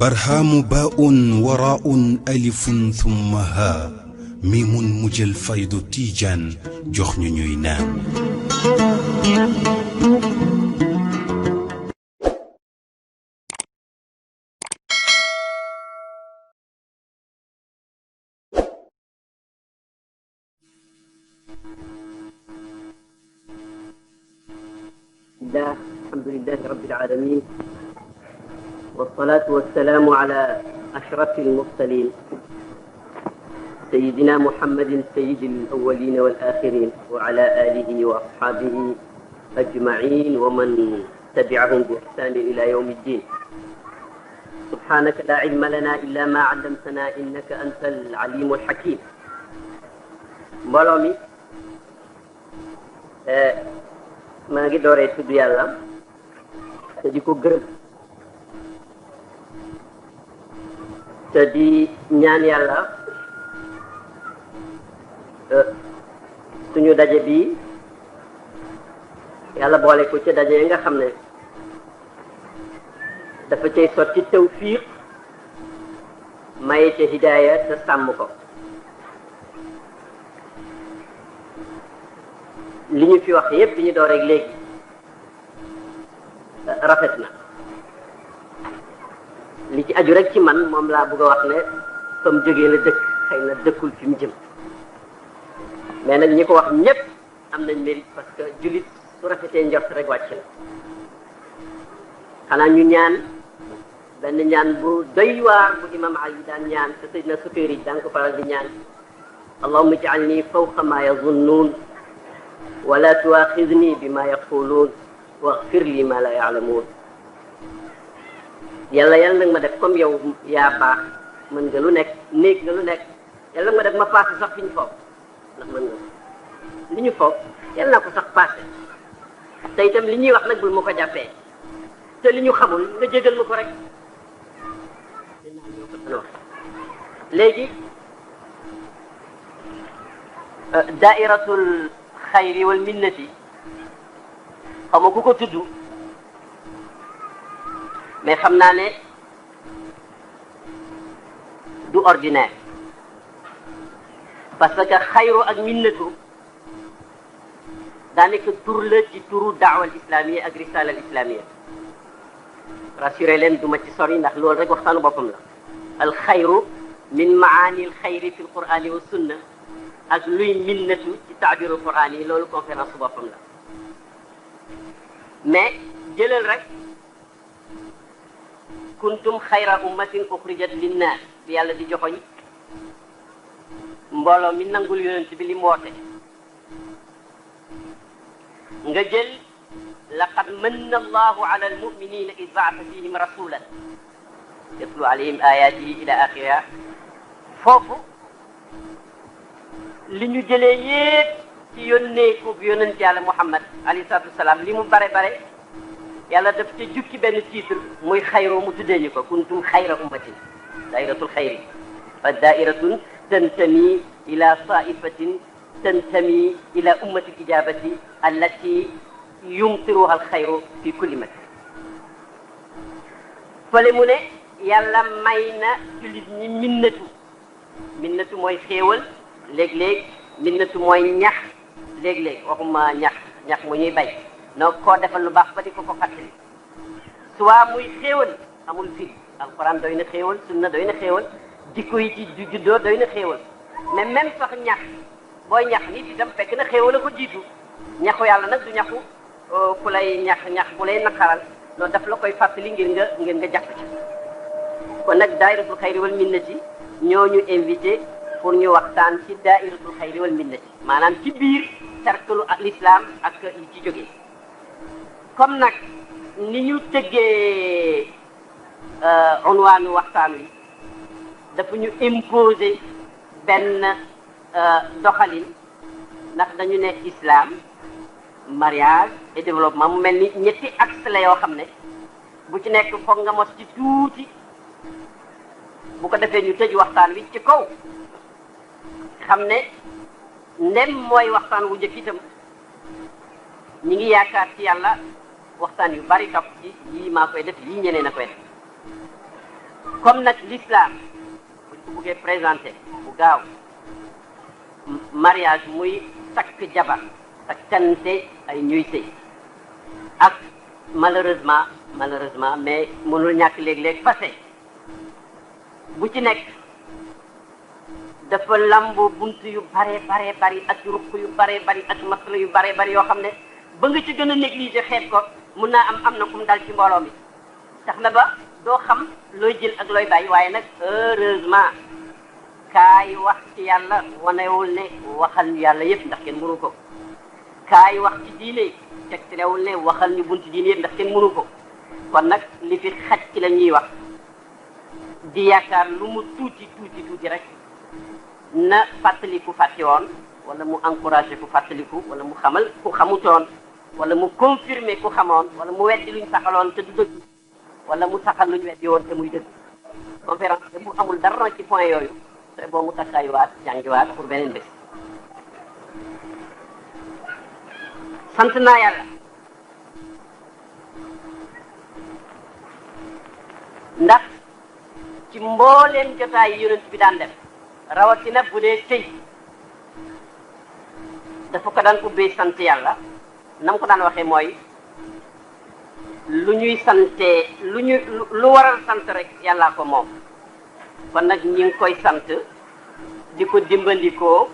barhaamu baa'un waraa'un alifun thumma haa miimun mu jël faydu tiijaan jox ñu ñuy naan. alhamdulillahi rabbil aalamiin والصلاة والسلام على أشرف المرسلين سيدنا محمد سيد الأولين والآخرين وعلى آله وأصحابه أجمعين ومن تبعهم بإحسان إلى يوم الدين سبحانك لا علم لنا إلا ما علمتنا إنك أنت العليم الحكيم mbooloo mi maa ngi dooree tudd yàlla te di ko gërëm te di ñaan yàlla euh, suñu daje bi yàlla boole ko ci daje yi nga xam ne dafa cay sotti tawfiq maye ca hidaaya te sàmm ko li ñu fi wax yépp bi ñu door rek léegi euh, rafet na li ci aju rek ci man moom laa bëgg a wax ne fa mu jógee la dëkk xëy na dëkkul fi mu jëm mais nag ñi ko wax ñépp am nañ mérite parce que jullit su rafetee njort rek wàcc la xanaa ñu ñaan benn ñaan bu doy waar bu imam ali daan ñaan te sëñ na supéer yi daan ko faral di ñaan allahumma ij'alni fawqa ma yazunnuun wala tuaxidni bi ma yaquluun waghfir li ma la yaalamuun yàlla yàlla nag ma def comme yow yaa baax mën nga lu nekk néeg nga lu nekk yàlla ma def ma paase sax fi ñu foog ndax mën nga li ñu foog yàlla naa sax paase te itam li ñuy wax nag bul ma ko jàppee te li ñu xamul nga jégal ma ko rek léegi eh, daairatul xayri wal minnati xam nga ku ko tudd mais xam naa ne du ordinaire parce que xayru ak minnatu daanaka tur la ci turu daawal islamiyya ak risalal islamiyya rassuré leen du ma ci sori ndax loolu rek waxtaanu boppam la al xayru min maani al xayri fi alqurani wa sunna ak luy minnatu ci taabiru alqurani yi loolu conférence su boppam la rek kuntum xayra ummatin uxrijat linnaas bi yàlla di joxoñ mbooloo mi nangul yonent bi li mu woote nga jël laqad manna allahu ala almuminina id baata fihim rasulan yatlu alayhim ayatihi ila axiriha foofu li ñu jëlee yépp ci yónneeku yonent yàlla muhammad alayhi salatu wasalaam li mu bare bare yàlla daf ca jukki benn titre muy xayroo mu tuddee ñu ko kuntum xayra ummatin dairatul xayri fa dairatun tantami ila saifatin tantami ila ummati ijabati allati yumtiruha alxayru fi kulli makan fële mu ne yàlla may na jullit ñi minnatu minnatu mooy xéewal léeg-léeg minnatu mooy ñax léeg-léeg waxuma ñax ñax mu ñuy bay noo koo defal lu baax ba di ko ko fàttali soit muy xéewal amul firi alxuraan doy na xéewal na doy na xéewal jikko yi ci juddoo doy na xéewal mais même sax ñax booy ñax nit itam fekk na xéewal a ko jiitu ñaxu yàlla nag du ñaxu euh, ku lay ñax ñax bu lay naqaral loolu daf la koy fàttali ngir nga ngir nga jàpp ci kon nag daayiratul xayri wal minnati ñoo ñu invité pour ñu waxtaan ci daayiratul xayri wal minnati maanaam ci biir cercle l'islam ak ci jógee comme nag ni ñu tëggee euh, unwaanu waxtaan wi dafa ñu imposer benn euh, doxalin ndax dañu nekk islam mariage et développement mu mel ni ñetti axe la yoo xam ne bu ci nekk foog nga mos ci tuuti bu ko defee ñu tëj waxtaan wi ci kaw xam ne ndem mooy waxtaan wu njëkk ñi ngi yaakaar ci yàlla waxtaan yu bari topp ci yii maa koy def yii ñeneen a koy def comme nag l'islam buñ ko buggee présenté bu gaaw mariage muy takk jabar takkante ay ñuy sëy ak malheureusement malheureusement mais mënul ñàkk léeg-léeg passé bu ci nekk dafa lamboo bunt yu bare bare bari ak ruq yu bare bari ak masala yu bare bari yoo xam ne ba nga ci gën a xeet ko mun naa am am na ku dal ci mbooloo mi tax na ba doo xam looy jël ak looy bàyyi waaye nag heureusement kaay wax ci yàlla wanewul ne waxal ñu yàlla yëpp ndax kenn mënu ko kaay wax ci diine tegtalewul ne waxal ñu buntu diine yëpp ndax kenn mënu ko kon nag li fi xaj ci la ñuy wax di yaakaar lu mu tuuti tuuti rek na ku fàtte woon wala mu encouragé ku fàttaliku wala mu xamal ku woon wala mu confirmer ku xamoon wala mu weddi luñ saxaloon te du dëgg wala mu saxal luñ weddi woon te muy dëgg conférence te bu amul dara ci point yooyu te boo mu takkaayuwaat jàngiwaat pour beneen bés sant naa yàlla ndax ci mbooleem jotaay yi yonent bi daan def rawatina bu dee sëy dafa ko daan ubbee sant yàlla na mu ko daan waxee mooy lu ñuy sante lu ñu lu waral sant rek yàllaa ko moom kon nag ñi ngi koy sant di ko dimbandikoo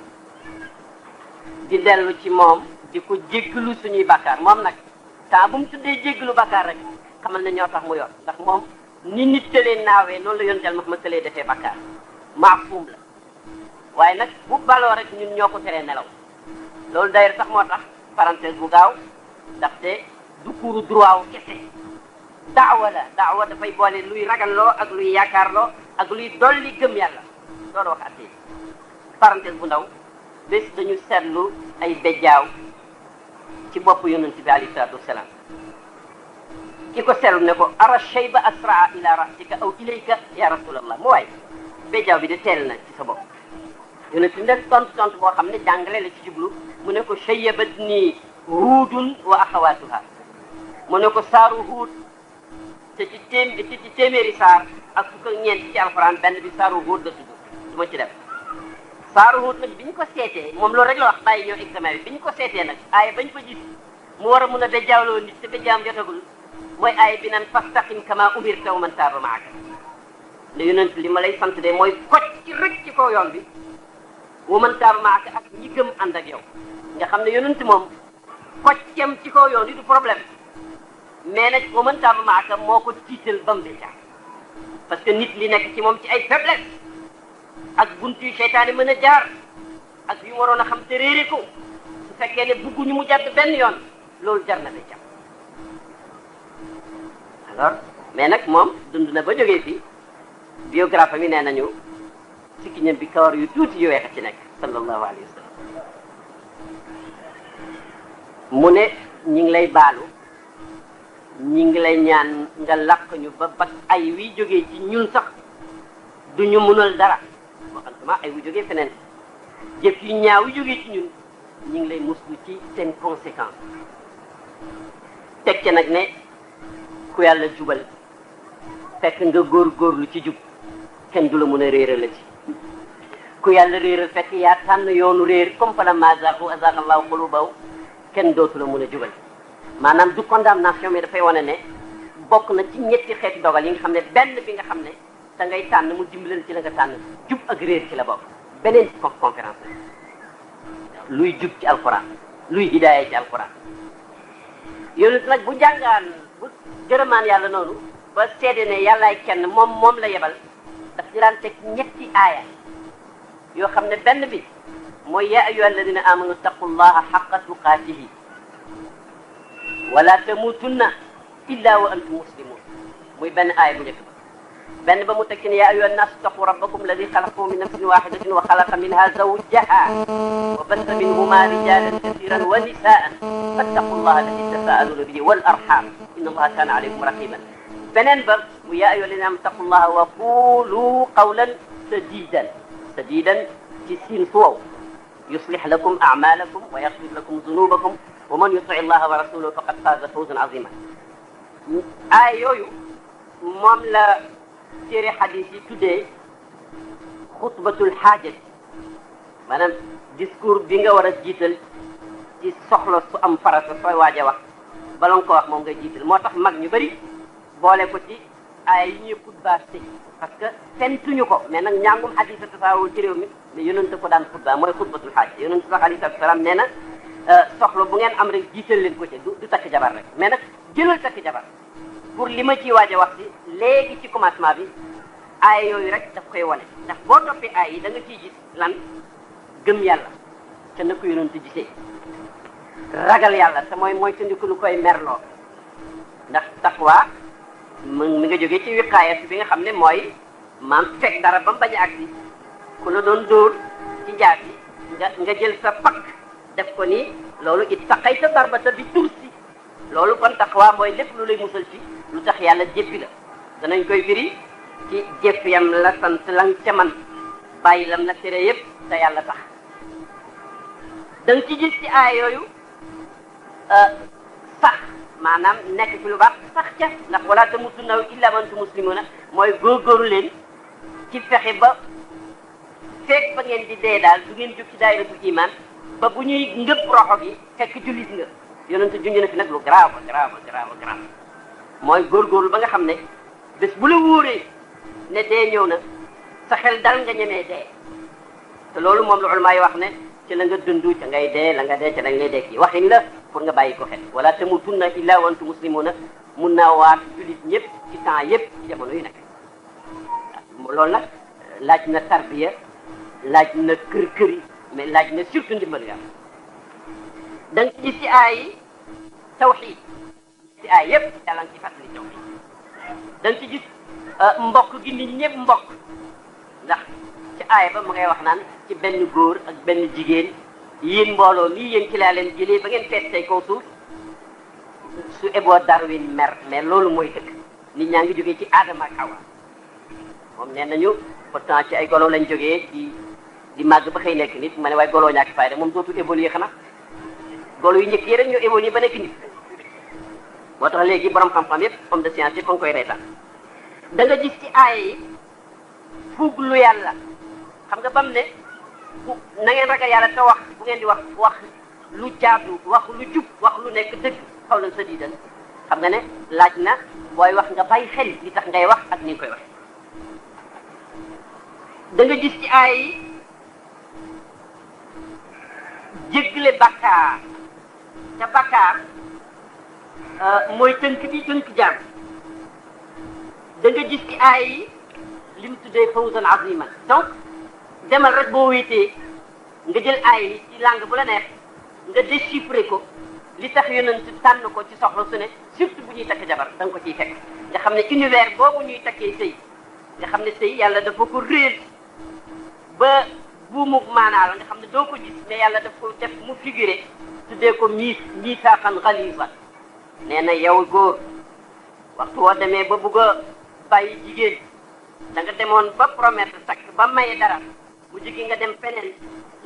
di dellu ci moom di ko jéggalu suñuy bàkkaar moom nag temps bu mu tuddee jéggalu bàkkaar rek xamal na ñoo tax mu yor ndax moom ni nit tëlee naawee loolu la yoon jal Muhammad tëlee defee bàkkaar maafuum la waaye nag bu baloo rek ñun ñoo ko teree nelaw loolu d'ailleurs sax moo tax parenthèse bu gaaw ndaxte du kuuru droit wu kese daawa la daawa boole luy raganloo ak luy yaakaarloo ak luy dolli gëm yàlla loolu wax attee parenthèse bu ndaw bés dañu seetlu ay bejjaaw ci bopp yonent bi alayhi salaatu wasalaam ki ko seetlu ne ko ara shayba asraa ila rasika aw ilayka ya rasulallah mu waay bejjaaw bi de teel na ci sa bopp na bi nag tontu tontu boo xam ne jàngale la ci jublu mu ne ko shayyabat nii huudun wa axawaatuha mu ne ko saaru huud te ci téem ci ci téeméeri saar ak fukk ak ñeent ci alxuraan benn bi saaru huud la tudd du ci def saaru huud nag bi ñu ko seetee moom loolu rek la wax bàyyi ñëw examen bi bi ñu ko seetee nag aaya bañ fa gis mu war a mun a dajaaloo nit te dajaam jotagul mooy aaya bi naan fastaqim kama umirta wa man taaba maaka ne yonent li ma lay sant de mooy kocc rek ci kaw yoon bi wa man taaba maaka ak ñi gëm ànd ak yow nga xam ne yonent moom koccem ci kaw yoon yi du problème mais nag ba mën tàmm maaka moo ko tiital ba mu parce que nit li nekk ci moom ci ay faiblesse ak gunt yu seytaane mën a jaar ak yu waroon a xam te réere ko su fekkee ne bugguñu mu jàdd benn yoon loolu jar na béccam alors mais nag moom dund na ba jógee fii biographe mi nee nañu sikkiñam bi kawar yu tuuti yu weex ci nekk sallallahu alayhi wa mu ne ñi ngi lay baalu ñi ngi lay ñaan nga làq ñu ba bak ay wi jóge ci ñun sax du ñu mënal dara waxantuma ay wi jóge feneen jëf yu ñaaw yu jógee ci ñun ñi ngi lay muslu ci seen conséquence teg ca nag ne ku yàlla jubal fekk nga góor góorlu ci jub kenn du la mën a réeral la ci ku yàlla réeral fekk yaa tànn yoonu réer comme fa la ma azaagu azaaga allahu qulubahu kenn dootu la mun a jubal maanaam du condamnation mais dafay wane ne bokk na ci ñetti xeeti dogal yi nga xam ne benn bi nga xam ne dangay tànn mu dimb dimbalal ci la nga tànn jub ak réer ci la bokk beneen conférence la luy jub ci alquran luy hidaaya ci alquran yonent nag bu jàngaan bu gërëmaan yàlla noonu ba seede ne yàllaay kenn moom moom la yebal daf ñu daan teg ñetti aaya yoo xam ne benn bi mooy yaa ayyuha alladina amanu taqullaha xaqa tuqaatihi wala tamutunna illa wa antum muslimun muy benn aay bu njëkk ba benn ba mu tekki ne yaa ayyuha annaasu taqu rabbakum alladi xalaqakum min nafsin waxidatin wa xalaqa minha zawjaha wa bassa minhuma rijalan kasiran wa nisaan fattaqullaha alladi tasaaluna bihi wal arham inna allaha kaana alaykum raqiban beneen ba mu yaa ayyuha alladina amanu taqullaha wa qulu qawlan sadidan sadidan ci siin su wow يصلح لكم أعمالكم ويغفر لكم ذنوبكم ومن يطع الله ورسوله فقد فاز فوزا عظيما aay yooyu moom la téere xadis yi tuddee xutbatul xaaja maanaam discours bi nga war a jiital soxla su am farata sooy waaj a wax bala nga ko wax moom nga jiital moo tax mag ñu bëri boole ko ci ay yi ñuy xutbaa sëy parce que sentuñu ko mais nag ñàngum xadis a ci réew mi yonent ko daan xutba mooy xutbatul xaaj yonent sax alayhi salaatu salaam nee na euh, soxla bu ngeen am rek jiital leen ko ci du takk jabar rek mais nag jëlal takk jabar pour li ma ciy waaj a wax ci léegi ci commencement bi aay yooyu rek daf koy wane ndax boo toppee aay yi da nga ciy gis lan gëm yàlla te na ko yonent gisee ragal yàlla te mooy mooy tandiku lu koy merloo ndax taqwa mu mi nga jógee ci wiqaaya bi nga xam ne mooy maam teg dara ba mu bañ a agsi ku la doon dóor ci jaabi nga nga jël sa pakk def ko ni loolu it saqay sa darbata bi tur si loolu kon taxawaa mooy lépp lu lay musal ci lu tax yàlla jéppi la danañ koy firi ci jëpp yam la sant lan ca man bàyyi lam la tere yépp te yàlla tax danga ci gis ci aay yooyu euh, sax maanaam nekk ci lu baax sax ca ndax wala tamutunna illa wa antum muslimuna mooy góorgóoru leen ci fexe ba feeg ba ngeen di dee daal du ngeen jóg ci daayiratul iman ba bu ñuy ngëpp roxo gi fekk jullit nga yonent junj na fi nag lu grave grave grave grave mooy góorgóorlu ba nga xam ne bés bu la wóoree ne dee ñëw na sa xel dal nga ñemee dee te loolu moom la ulama yi wax ne ci la nga dund ca ngay dee la nga dee ca dañ lay dee kii waxin la pour nga bàyyi ko xel wala tamutunna illa wa antum muslimuna mun naa waat jullit ñëpp ci temps yëpp jamono yi nag loolu nag laaj na tarbiya laaj na kër kër yi mais laaj na surtout ndimbal yàlla da nga gis ci aay tawxiid ci aay yëpp yàlla nga ci fàttali tawxiid da ci gis euh, mbokk gi nit ñëpp mbokk ndax ci aay ba mu ngay wax naan ci benn góor ak benn jigéen yéen mbooloo mii yéen ci laa leen jëlee ba ngeen feet tey kaw suuf su eboo Darwin mer mais loolu mooy dëkk nit ñaa ngi jóge ci aadama ak awa moom nee nañu pourtant ci ay golo lañ jóge ci di màgg ba xëy nekk nit ma ne waaye golo ñàkk fayda moom dootul évoluer xanaa golo yu njëkk yi ñoo évoluer ba nekk nit moo tax léegi borom xam-xam yépp homme de science yépp a ngi koy reetaan da nga gis ci aaya yi fuug lu yàlla xam nga bam ne na ngeen ragal yàlla te wax bu ngeen di wax wax lu jaadu wax lu jub wax lu nekk dëgg xaw la sa diidal xam nga ne laaj na waaye wax nga bàyyi xel li tax ngay wax ak ni nga koy wax da gis ci aaya yi jéggale bàkkaar te bàkkaar euh, mooy tënk bi tënk jaam da nga gis ci aay yi li mu tuddee fawzan aziman demal rek boo wéetee nga jël aay yi ci langue bu la neex nga déchiffrer ko li tax yonent tànn ko ci soxla su ne surtout bu ñuy takk jabar da ko ci fekk nga xam ne univers boobu ñuy takkee sëy nga xam ne sëy yàlla dafa ko réer ba buumu maanaa la nga xam ne doo ko gis mais yàlla daf ko def mu figuré tuddee ko miis miisaaxan xaliisan nee na yow góor waxtu woo demee ba bugg a bàyyi jigéen da nga demoon ba promettre takk ba maye dara mu jigi nga dem feneen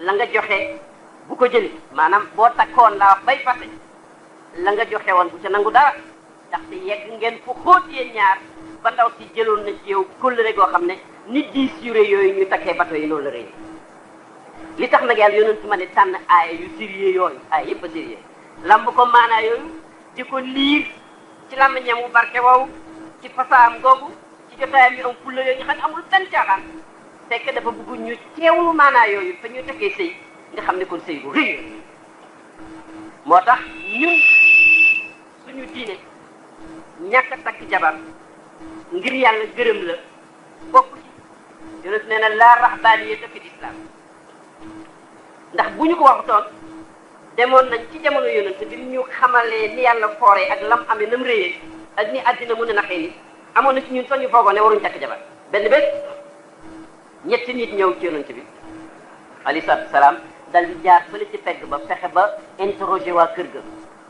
la nga joxe bu ko jëli maanaam boo takkoon la wax bay fase la nga joxe woon bu ca nangu dara ndaxte yegg ngeen fu xóot yéen ñaar ba ndaw si jëloon na ci yow kóllëre goo xam ne nit di suré yooyu ñu takkee bato yi noonu la rëy li tax nag yàlla yonent ma ne tànn aaya yu sérieux yooyu aaya yëpp a sérieux lamb ko maanaa yooyu di liir ci làmmiñam wu barke woowu ci fasaam googu ci jotaayam yu am fulla yooyu ñu xam ne amul benn yooyu fa ñu tekkee nga xam ne kon sëy bu rëy moo tax ñun suñu diine ñàkk a takk jabar ngir yàlla gërëm la bokk ci yonent nee na laa raxbaaniyata fi lislaam ndax bu ñu ko waxutoon demoon nañ ci jamono yonent bi ñu xamalee ni yàlla fooree ak lam amee nam réyee ak ni àddina mën a naxee ni amoon na ci ñun soñu foogoon ne waruñ takk jabar benn bés ñetti nit ñëw ci bi alayhi salaatu salaam dal di jaar fële ci pegg ba fexe ba interroger waa kër ga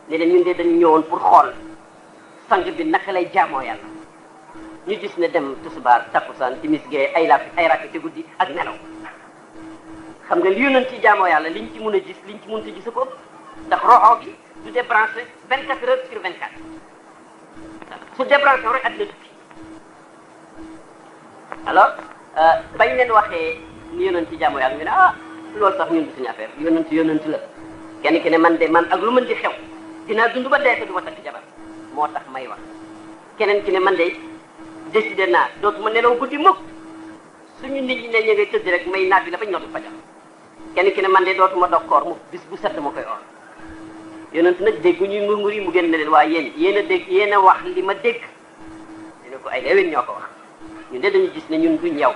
ne leen ñun de dañu ñëwoon pour xool sang bi naka lay jaamoo yàlla ñu gis ne dem tusubaar takkusaan timis gee ay laaf ay rakk ci guddi ak nelaw xam nga li yonent ci jaamoo yàlla li liñ ci mun a gis ñu ci mun a gis a ko ëpp ndax roxo bi du débranché vingt quatre heures sur vingt quatre su débranché rek at la tukki euh, bañ leen waxee ni yonent ci jaamoo yàlla ñu ne ah loolu sax ñun du suñu affaire yonent yonent la kenn ki ne man de man ak lu mën di xew dinaa dund ba dee te du ma takk jabar moo tax may wax keneen ki ne man de décidé naa dootuma nelaw guddi mukk suñu nit ñi ne ñu ngay tëdd rek may naaj bi la bañ nootu kenn ki man de dootuma dog koor mu bis bu set ma koy or yonent nag dégg ñuy murmur yi mu génn leen waaye yéen yéen a dégg yéen a wax li ma dégg dina ko ay ñun de dañu gis ne ñun duñ yow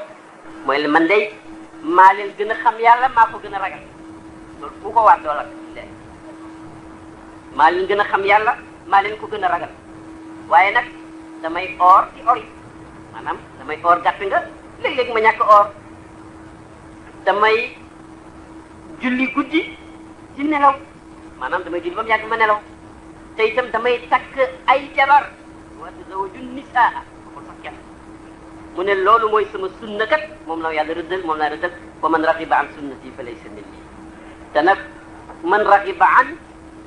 mooy la man de maa leen gën a xam yàlla maa ko gën a ragal ko waat doo leen gën a xam yàlla maa leen ko gën a ragal waaye nag damay or ci or maanaam damay or gàtt nga léeg-léeg ma ñàkk or damay julli guddi ci nelaw maanaam damay julli ba mu yàgg ma nelaw te itam damay takk ay jabar wa tazawwaju nisaa ko sax kenn mu ne loolu mooy sama sunna kat moom la yàlla rëddal moom laa rëddal wa man raxiba an sunnati fa laysa minni te nag man raxiba an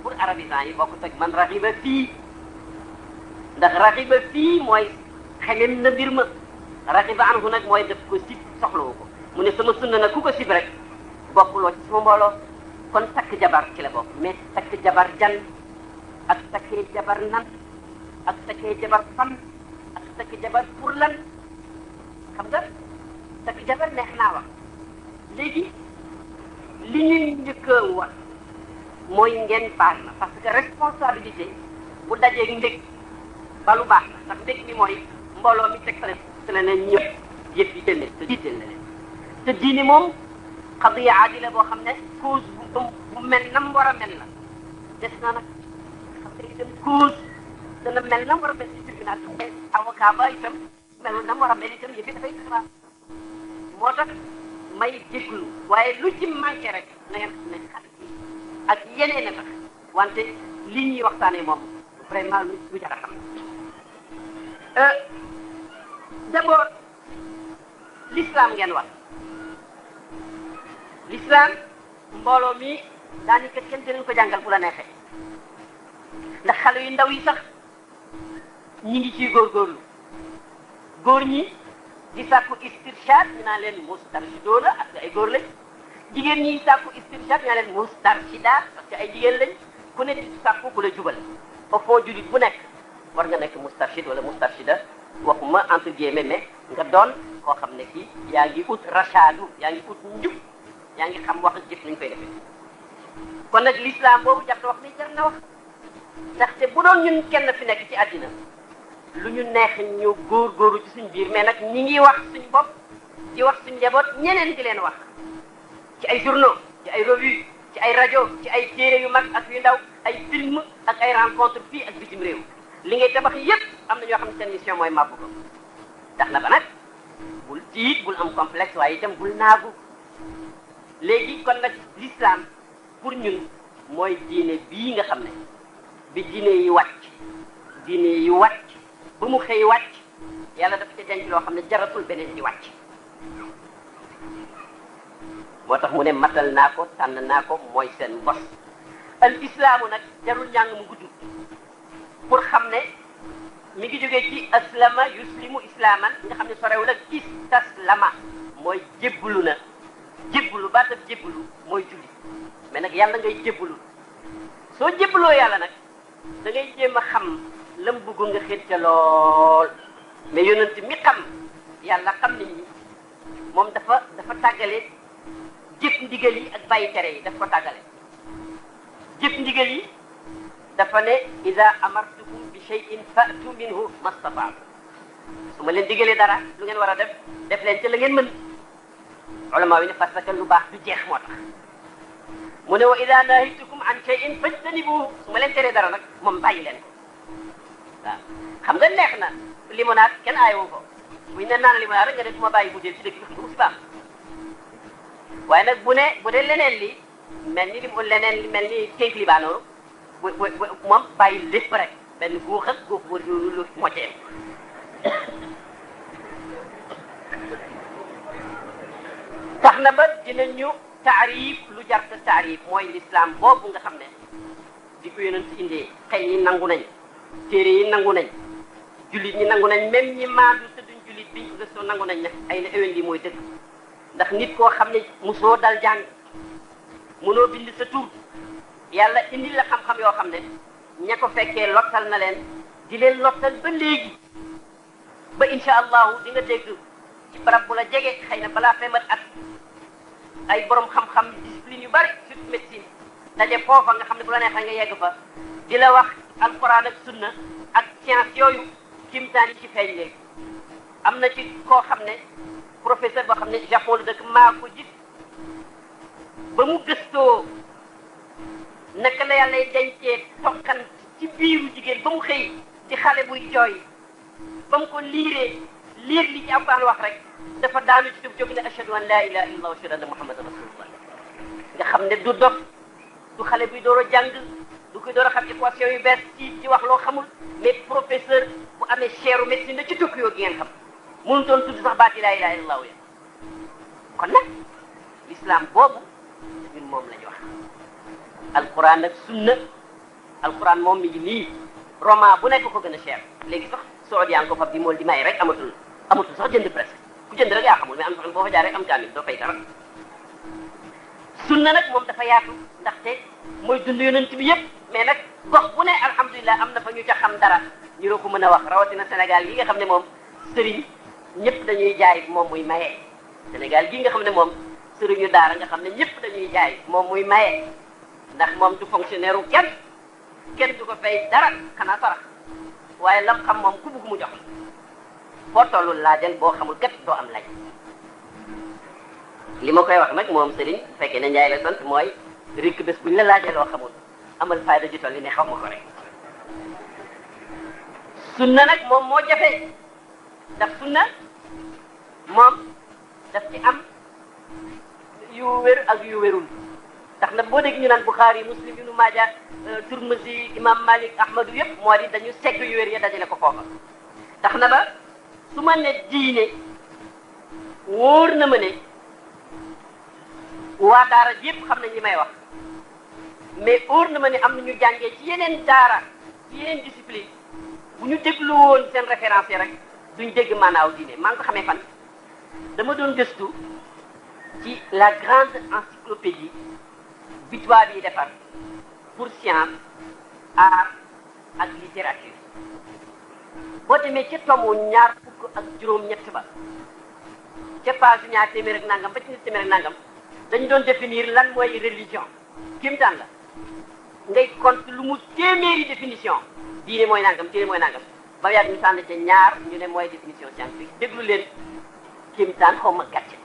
pour arabisant yi boo ko teg man raxiba fii ndax raxiba fii mooy xemem na mbir ma raxiba an hu mooy def ko sib soxlawu ko mu ne sama sunna na ku ko sib rek bokkuloo ci sama mbooloo kon takk jabar ci la bokk mais takk jabar jan ak takkee jabar nan ak takkee jabar fan ak takk jabar pour lan xam nga takk jabar neex naa wax léegi li ñuy njëkk a wax mooy ngeen baal ma parce que responsabilité bu dajee ndég balu baax la ndax ndég mi mooy mbooloo mi teg sa ne ñëpp yëpp yi jënd te moom xadiya aadila boo xam ne cause bu bu mel nam des na nag xam ne itam cause dana mel nam war a mel ci tribunal bi avocat ba itam mel nam war a mel itam yëpp dafay xalaat moo tax may déglu waaye lu ci manqué rek na ngeen xam ne xarit yi ak yeneen a tax wante li ñuy waxtaanee moom vraiment lu lu euh, l'islam ngeen wax l'islam mbooloo mi daanaka kenn dinañ ko jàngal bu la neexee ndax xale yu ndaw yi sax ñi ngi ciy góorgóorlu góor ñi di sàkku istirshad ñu naan leen mustarshidoo la parce que ay góor lañ jigéen ñi sàkku istirshad ñu naan leen mustarshida parce que ay jigéen lañ ku ne di sàkku ku la jubal foo julit bu nekk war nga nekk mustarshid wala mustarshida waxuma entre guillemets mais nga doon koo xam ne kii yaa ngi ut rachadu yaa ngi ut njub yaa ngi xam wax ak jëf nañ koy defee kon nag lislaam boobu jàpp wax ni jar na wax ndaxte bu doon ñun kenn fi nekk ci àddina lu ñu neex ñu góor góoru ci suñ biir mais nag ñi ngi wax suñ bopp di wax suñ njaboot ñeneen di leen wax ci ay journaux ci ay revue ci ay rajo ci ay téere yu mag ak yu ndaw ay film ak ay rencontre fii ak bitim réew li ngay tabax yépp am na ñoo xam ne seen mooy màbb ko tax na ba nag bul tiit bul am complexe waaye dem bul naagu léegi kon nag l'islam pour ñun mooy diine bii nga xam ne bi diine yi wàcc diine yi wàcc ba mu xëy wàcc yàlla dafa ca denc loo xam ne jaratul beneen di wàcc moo tax mu ne matal naa ko tànn naa ko mooy seen bos al islaamu nag jarul njàng mu gudd pour xam ne mi ngi jógee ci aslama yuslimu islaaman nga xam ne sorewul ak istaslama mooy jébbalu na jébbalu baatab jébbalu mooy julli mais nag yàlla ngay jébbalu soo jébbaloo yàlla nag da ngay jéem a xam lam bëgg nga xéet ca lool mais yonent mi xam yàlla xam ni moom dafa dafa tàggale jëf ndigal yi ak bàyyi tere yi daf ko tàggale jëf ndigal yi dafa ne ida amartukum bi shay'in fa'tu minhu mastataatu su ma leen digalee dara lu ngeen war a def def leen ca la ngeen mën ulama yi ne parce lu baax du jeex moo tax mu ne wa ida nahitukum an shay'in fajtanibuhu su ma leen teree dara nag moom bàyyi leen nga neex na limonade kenn aayoo ko buñ ne naan limonade rek nga ne su bu dee ci dëkk bi du musiba waaye bu ne leneen li me ni li mu leneen li mel ni tënk li baanoo bu bu moom bàyyi lépp rek benn guux ak tax na ba dinañ ñu taarif lu jarta taarif mooy lislaam boobu nga xam ne di ko yonent indee xëy yi nangu nañ téere yi nangu nañ jullit ñi nangu nañ même ñi maadu te duñ jullit bi ko gëstoo nangu nañ ne ay na éwén lii mooy dëgg ndax nit koo xam ne mosoo dal jàng mënoo bind sa tur yàlla indi la xam-xam yoo xam ne ña ko fekkee lottal na leen di leen lottal ba léegi ba incha allahu di ci barab la jege xëy na balaa fee mat at ay boroom xam-xam discipline yu bari surtout médecine daje foofa nga xam ne bu la neexee nga yegg fa di la wax alquran ak sunna ak science yooyu kimtaan yi ci feeñ léegi am na ci koo xam ne professeur boo xam ne japon la dëkk maa ko gis ba mu gëstoo naka la yàlla dencee tokkan ci biiru jigéen ba mu xëy ci xale buy jooy ba mu ko liiree liir li ci alquran wax rek dafa daanu ci jóg ne ashhadu an laa ilaaha illallah wa ashhadu anna muhammadan nga xam ne du dof xale bi door a jàng du ko door a xam équation yu bees ci ci wax loo xamul mais professeur bu amee cheru médecine da ci tukki yoo gi mu xam mënu doon tudd sax baati laa ilaaha illallah ya kon nag l'islam boobu ñun moom la ñu wax alquran ak sunna moom mi ngi nii roman bu nekk ko gën a cher léegi sax soo yaa ngi ko fab di mool di may rek amatul amatul sax jënd presque ku jënd rek yaa xamul mais am na boo fa jaaree am kaamil doo fay dara sunna nag moom dafa yaatu ndaxte mooy dund yonent bi yëpp mais nag gox bu ne alhamdulilah am na fa ñu ca xam dara ñu ko mën a wax rawatina Sénégal yi nga xam ne moom sëriñ ñëpp dañuy jaay moom muy maye. Sénégal gii nga xam ne moom sëriñu daara nga xam ne ñëpp dañuy jaay moom muy maye ndax moom du fonctionnaire kenn kenn du ko fay dara xanaa sarax waaye lam xam moom ku bugg mu jox foo toll laajal boo xamul kat doo am laaj li ma koy wax nag moom Serigne fekkee ne Njaay la sant mooy rikk bés buñ la laajee loo xamul amal fayda ju toll yi ne xaw ma ko rek sunna nag moom moo jafe ndax sunna moom daf ci am yu wér ak yu wérul ndax nag boo dégg ñu naan Bukhari Muslim Ibnu Maaja euh, Turmuzi Imam Malik Ahmadu yëpp moo di dañu segg yu wér ya dajale ko foofa tax na ba su ma ne diine wóor na ma ne waa daara yépp xam nañ li may wax mais wóor na ma ne am na ñu jàngee ci yeneen daara ci yeneen discipline bu ñu déglu woon seen référence yi rek duñ dégg maanaaw diine maa ngi ko xamee fan dama doon gëstu ci la grande encyclopédie bi tubaab yi defar pour science art ak littérature boo demee ci tomu ñaar fukk ak juróom-ñett ba ca page ñaar téeméer ak nangam ba ci ñaar téeméer ak nangam dañu doon définir lan mooy religion kéemtaan la ngay compte lu mu téeméeri définition diine mooy nangam diine mooy nangam ba yàgg ñu tànn ca ñaar ñu ne mooy définition scientifique déglu leen kéemtaan xaw ma gàcce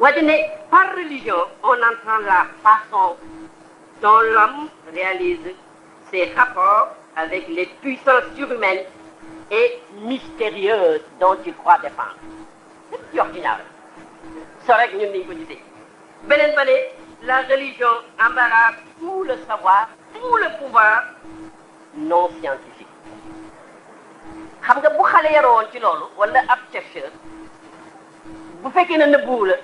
waaye ne par religion on entend la façon dont l'homme réalise ses rapports avec les puissances surhumaines et mystérieuses dont il croit dépendre. C'est original. C'est vrai que nous n'y beneen ba la religion embarrasse tout le savoir tout le pouvoir non scientifique xam nga bu xale yaroon ci loolu wala ab chercheur bu fekkee ne nëbbuwu la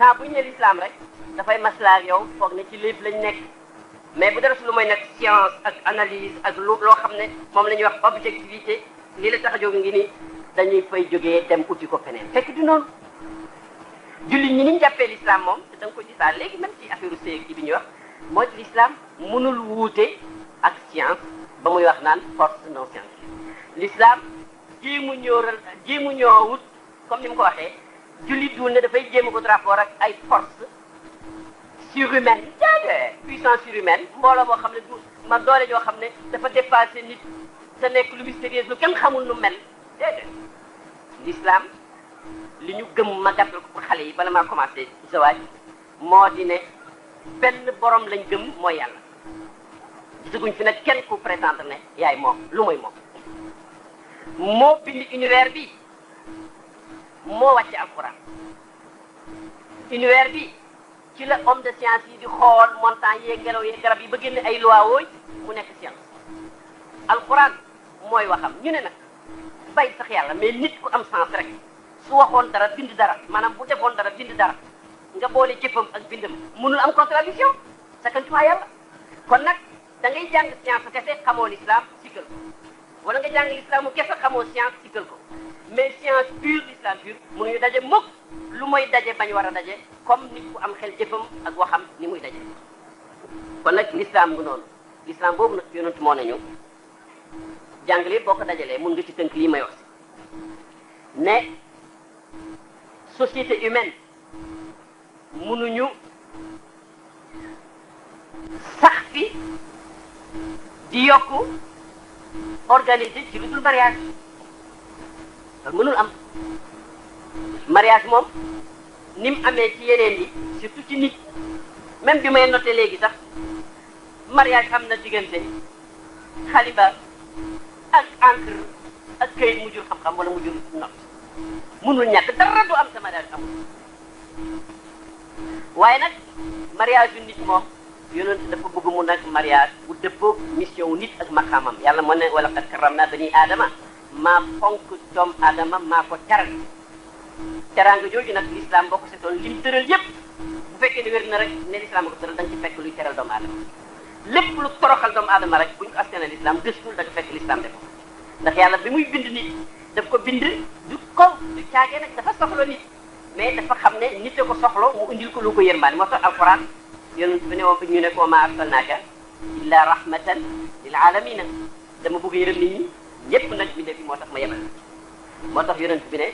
temps bu ñu ne l'islam rek dafay maslaa yow foog ne ci lépp lañ nekk mais bu dara lu may nag science ak analyse ak lu loo xam ne moom la ñuy wax objectivité lii la tax a jóge ngi nii dañuy fay jógee dem uti ko feneen fekk du noonu jullit ñi niñ jàppee l'islam moom te da nga ko léegi même ci affaire séeg yi bi ñuy wax mooy l'islam mënul wuute ak science ba muy wax naan force non scientifique l'islam jéemu ñooral jéemu ñoowut comme ni mu ko waxee jullit dul ne dafay jéem ko rapport ak ay force surhumaine eh, puissance surhumaine mbooloo boo xam ne du ma doole joo xam ne dafa dépassé ni sa nekk lu mystérieux lu kenn xamul nu mel déedéet l'islam li ñu gëm ma gàttal ko pour xale yi bala maa commencé zawaaj moo di ne benn borom lañ gëm mooy yàlla gisaguñ fi nag kenn ku prétendre ne yaay moom lu mooy moom moo bind univers bi moo wàcce alxuraan univers bi ci la homme de science yi di xool montagne yeeg ngelaw yeeg garab yi ba génne ay loi wooy mu nekk science alxuraan mooy waxam ñu ne nag bay sax yàlla mais nit ku am sens rek su waxoon dara bind dara maanaam bu defoon dara bind dara nga boole jëppam ak bindam mënul am contradiction sakantumaa yàlla kon nag da ngay jàng science kese xamoo l'islam sikkal ko wala nga jàng l'islam mu kese xamoo science sikkal ko mais science pure l'islam pure mënuñu daje mukk lu mooy daje bañ war a daje comme nit ku am xel jëfam ak waxam ni muy daje kon nag l'islam bu noonu l'islam boobu nag yonent moo nañu jàngale boo ko dajalee mun nga ci tënk lii may wax ne société humaine mënuñu sax fi di yokk organisé ci lu dul mariage loolu mënul am mariage moom ni mu amee ci yeneen yi surtout ci nit même bi may noté léegi sax mariage am na diggante xaliba ak encre ak këyit mu jur xam-xam wala mu jur not mënul ñàkk dara du am sa mariage amul waaye nag mariage yu nit moom yonent dafa bëgg mu nag mariage bu dëppoo mission wu nit ak maqaamam yàlla moo na wala qad karramna bani aadama maa fonk doomu aadama maa ko teral teraanga jooju nag lislaam boo ko seetoon lim tëral yëpp bu fekkee ne wér na rek ne lislaam ko tëral da nga ci fekk luy teral doomu aadama lépp lu toroxal doomu aadama rek bu ñu ko askane lislaam gëstul da nga fekk lislaam def ko ndax yàlla bi muy bind nit daf ko bind du ko du caagee nag dafa soxla nit mais dafa xam ne nit a ko soxla mu indil ko lu ko yërmaane moo tax alquran yonent bi ne woon fi ñu ne ko ma arsalnaaka illa bëgg yërëm nit yépp nag bindee fi moo tax ma yebal moo tax yonent bi ne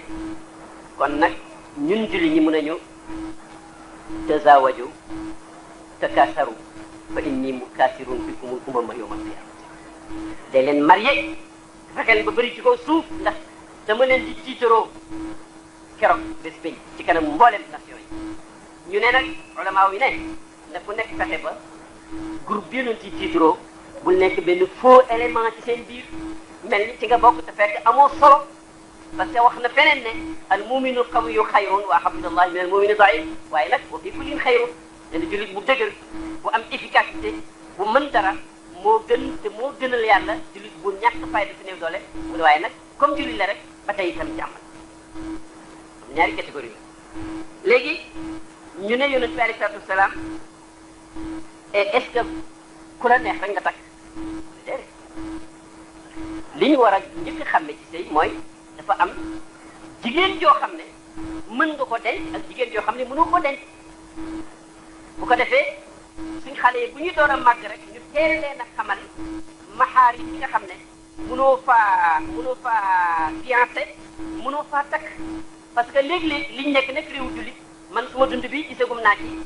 kon nag ñun julli ñi mën nañu tazawaju takaasaru fa inni mukaasirun bikumul umama yawmal qiyaama day leen marié fexe leen ba bëri ci kaw suuf ndax dama leen di tiitaroo keroog bés ci kanam mboolem nation ñu ne nag ulama yi ne na ku nekk fexe ba groupe bi ñu ci tiitaroo bul nekk benn foo élément ci seen biir mel ni ci nga bokk te fekk amoo solo parce que wax na feneen ne al muminu qawiyu xayrun wa habdullahi min al mumini daif waaye nag wa fi kullin xayrun dana jullit bu dëgër bu am efficacité bu mën dara moo gën te moo gënal yàlla jullit bu ñàkk fayda doole mu ne waaye nag comme jullit la rek ba tey itam jàmm ñaari catégorie la léegi ñu ne yonent bi alayhi salaatu wasalaam est-ce que ku li ñu war a njëkk xàmme ci sëy mooy dafa am jigéen joo xam ne mën nga ko denc ak jigéen joo xam ne mënoo ko denc bu ko defee suñ xale yi bu ñuy door a màgg rek ñu teel leen a xamal maxaar yi nga xam ne mënoo faa mënoo faa fiancé mënoo faa takk parce que léeg-léeg liñ nekk nekk réew jullit man suma dund bi gisagum naa ci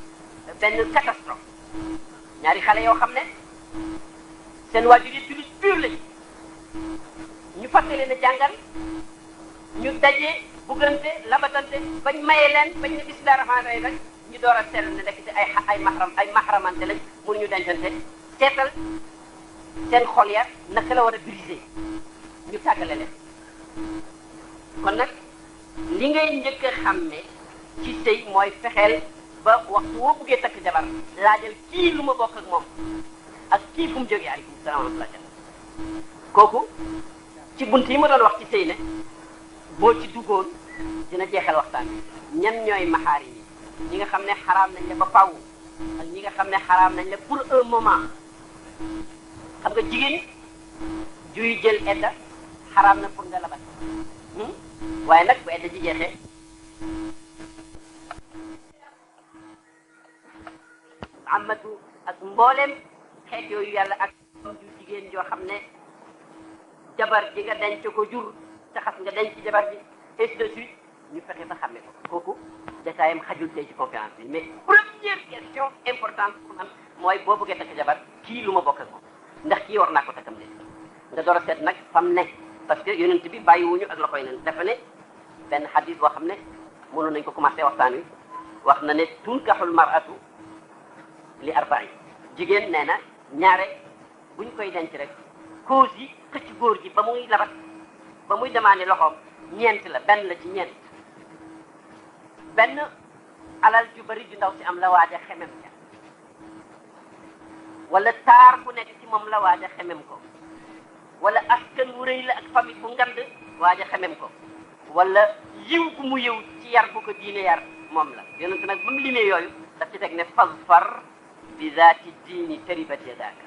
benn catastrophe ñaari xale yoo xam ne seen waajur yi jullit pur ñu fas leen a jàngal ñu daje buggante labatante bañ maye leen bañ ne bismillah rahmaan rahim rek ñu door a seetlu ne nekk ci ay ay mahram ay mahramante lañ mun ñu dencante seetal seen xol ya naka la war a brisé ñu tàggale leen kon nag li ngay njëkk a xam ne ci sëy mooy fexeel ba waxtu woo buggee takk jabar laajal kii lu ma bokk ak moom ak kii fu mu jógee aleykum salaam wa kooku ci bunt yi ma doon wax ci sëy ne boo ci duggoon dina jeexal waxtaan bi ñan ñooy maxaarim yi ñi nga xam ne xaraam nañ la ba faaw ak ñi nga xam ne xaraam nañ la pour un moment xam nga jigéen juy jël edda xaraam na pour nga labat hmm? waaye nag bu edda ji jeexee amatu ak mboolem xeet yooyu yàlla ak ju jigéen joo xam ne jabar ji nga denc ko jur te xas nga denc jabar ji ainsi de suite ñu fexe ba xàmme ko kooku détaillam xajul tey ci conférence bi mais première question importante mooy boo bëggee takk jabar kii lu ma bokk ak moom ndax kii war naa ko takkam de nga door a seet nag fam ne parce que yonent bi bàyyiwuñu ak la koy nen dafa ne benn xadis boo xam ne mënoon nañ ko commencé waxtaan wi wax na ne tunkaxul maratu li arbain jigéen nee na ñaare buñ koy denc rek cause yi xëcc góor gi ba muy labat ba muy demandé loxoom ñeent la benn la ci ñeent benn alal ju bari ju ndaw si am la waaja xemem ca wala taar bu nekk ci moom la waaja xemem ko wala askan wu rëy la ak famille bu ngand waaja xemem ko wala yiw gu mu yiw ci yar bu ko diine yar moom la yonent nag ba mu limee yooyu daf ci teg ne fas bi zaati diini taribat yadaaka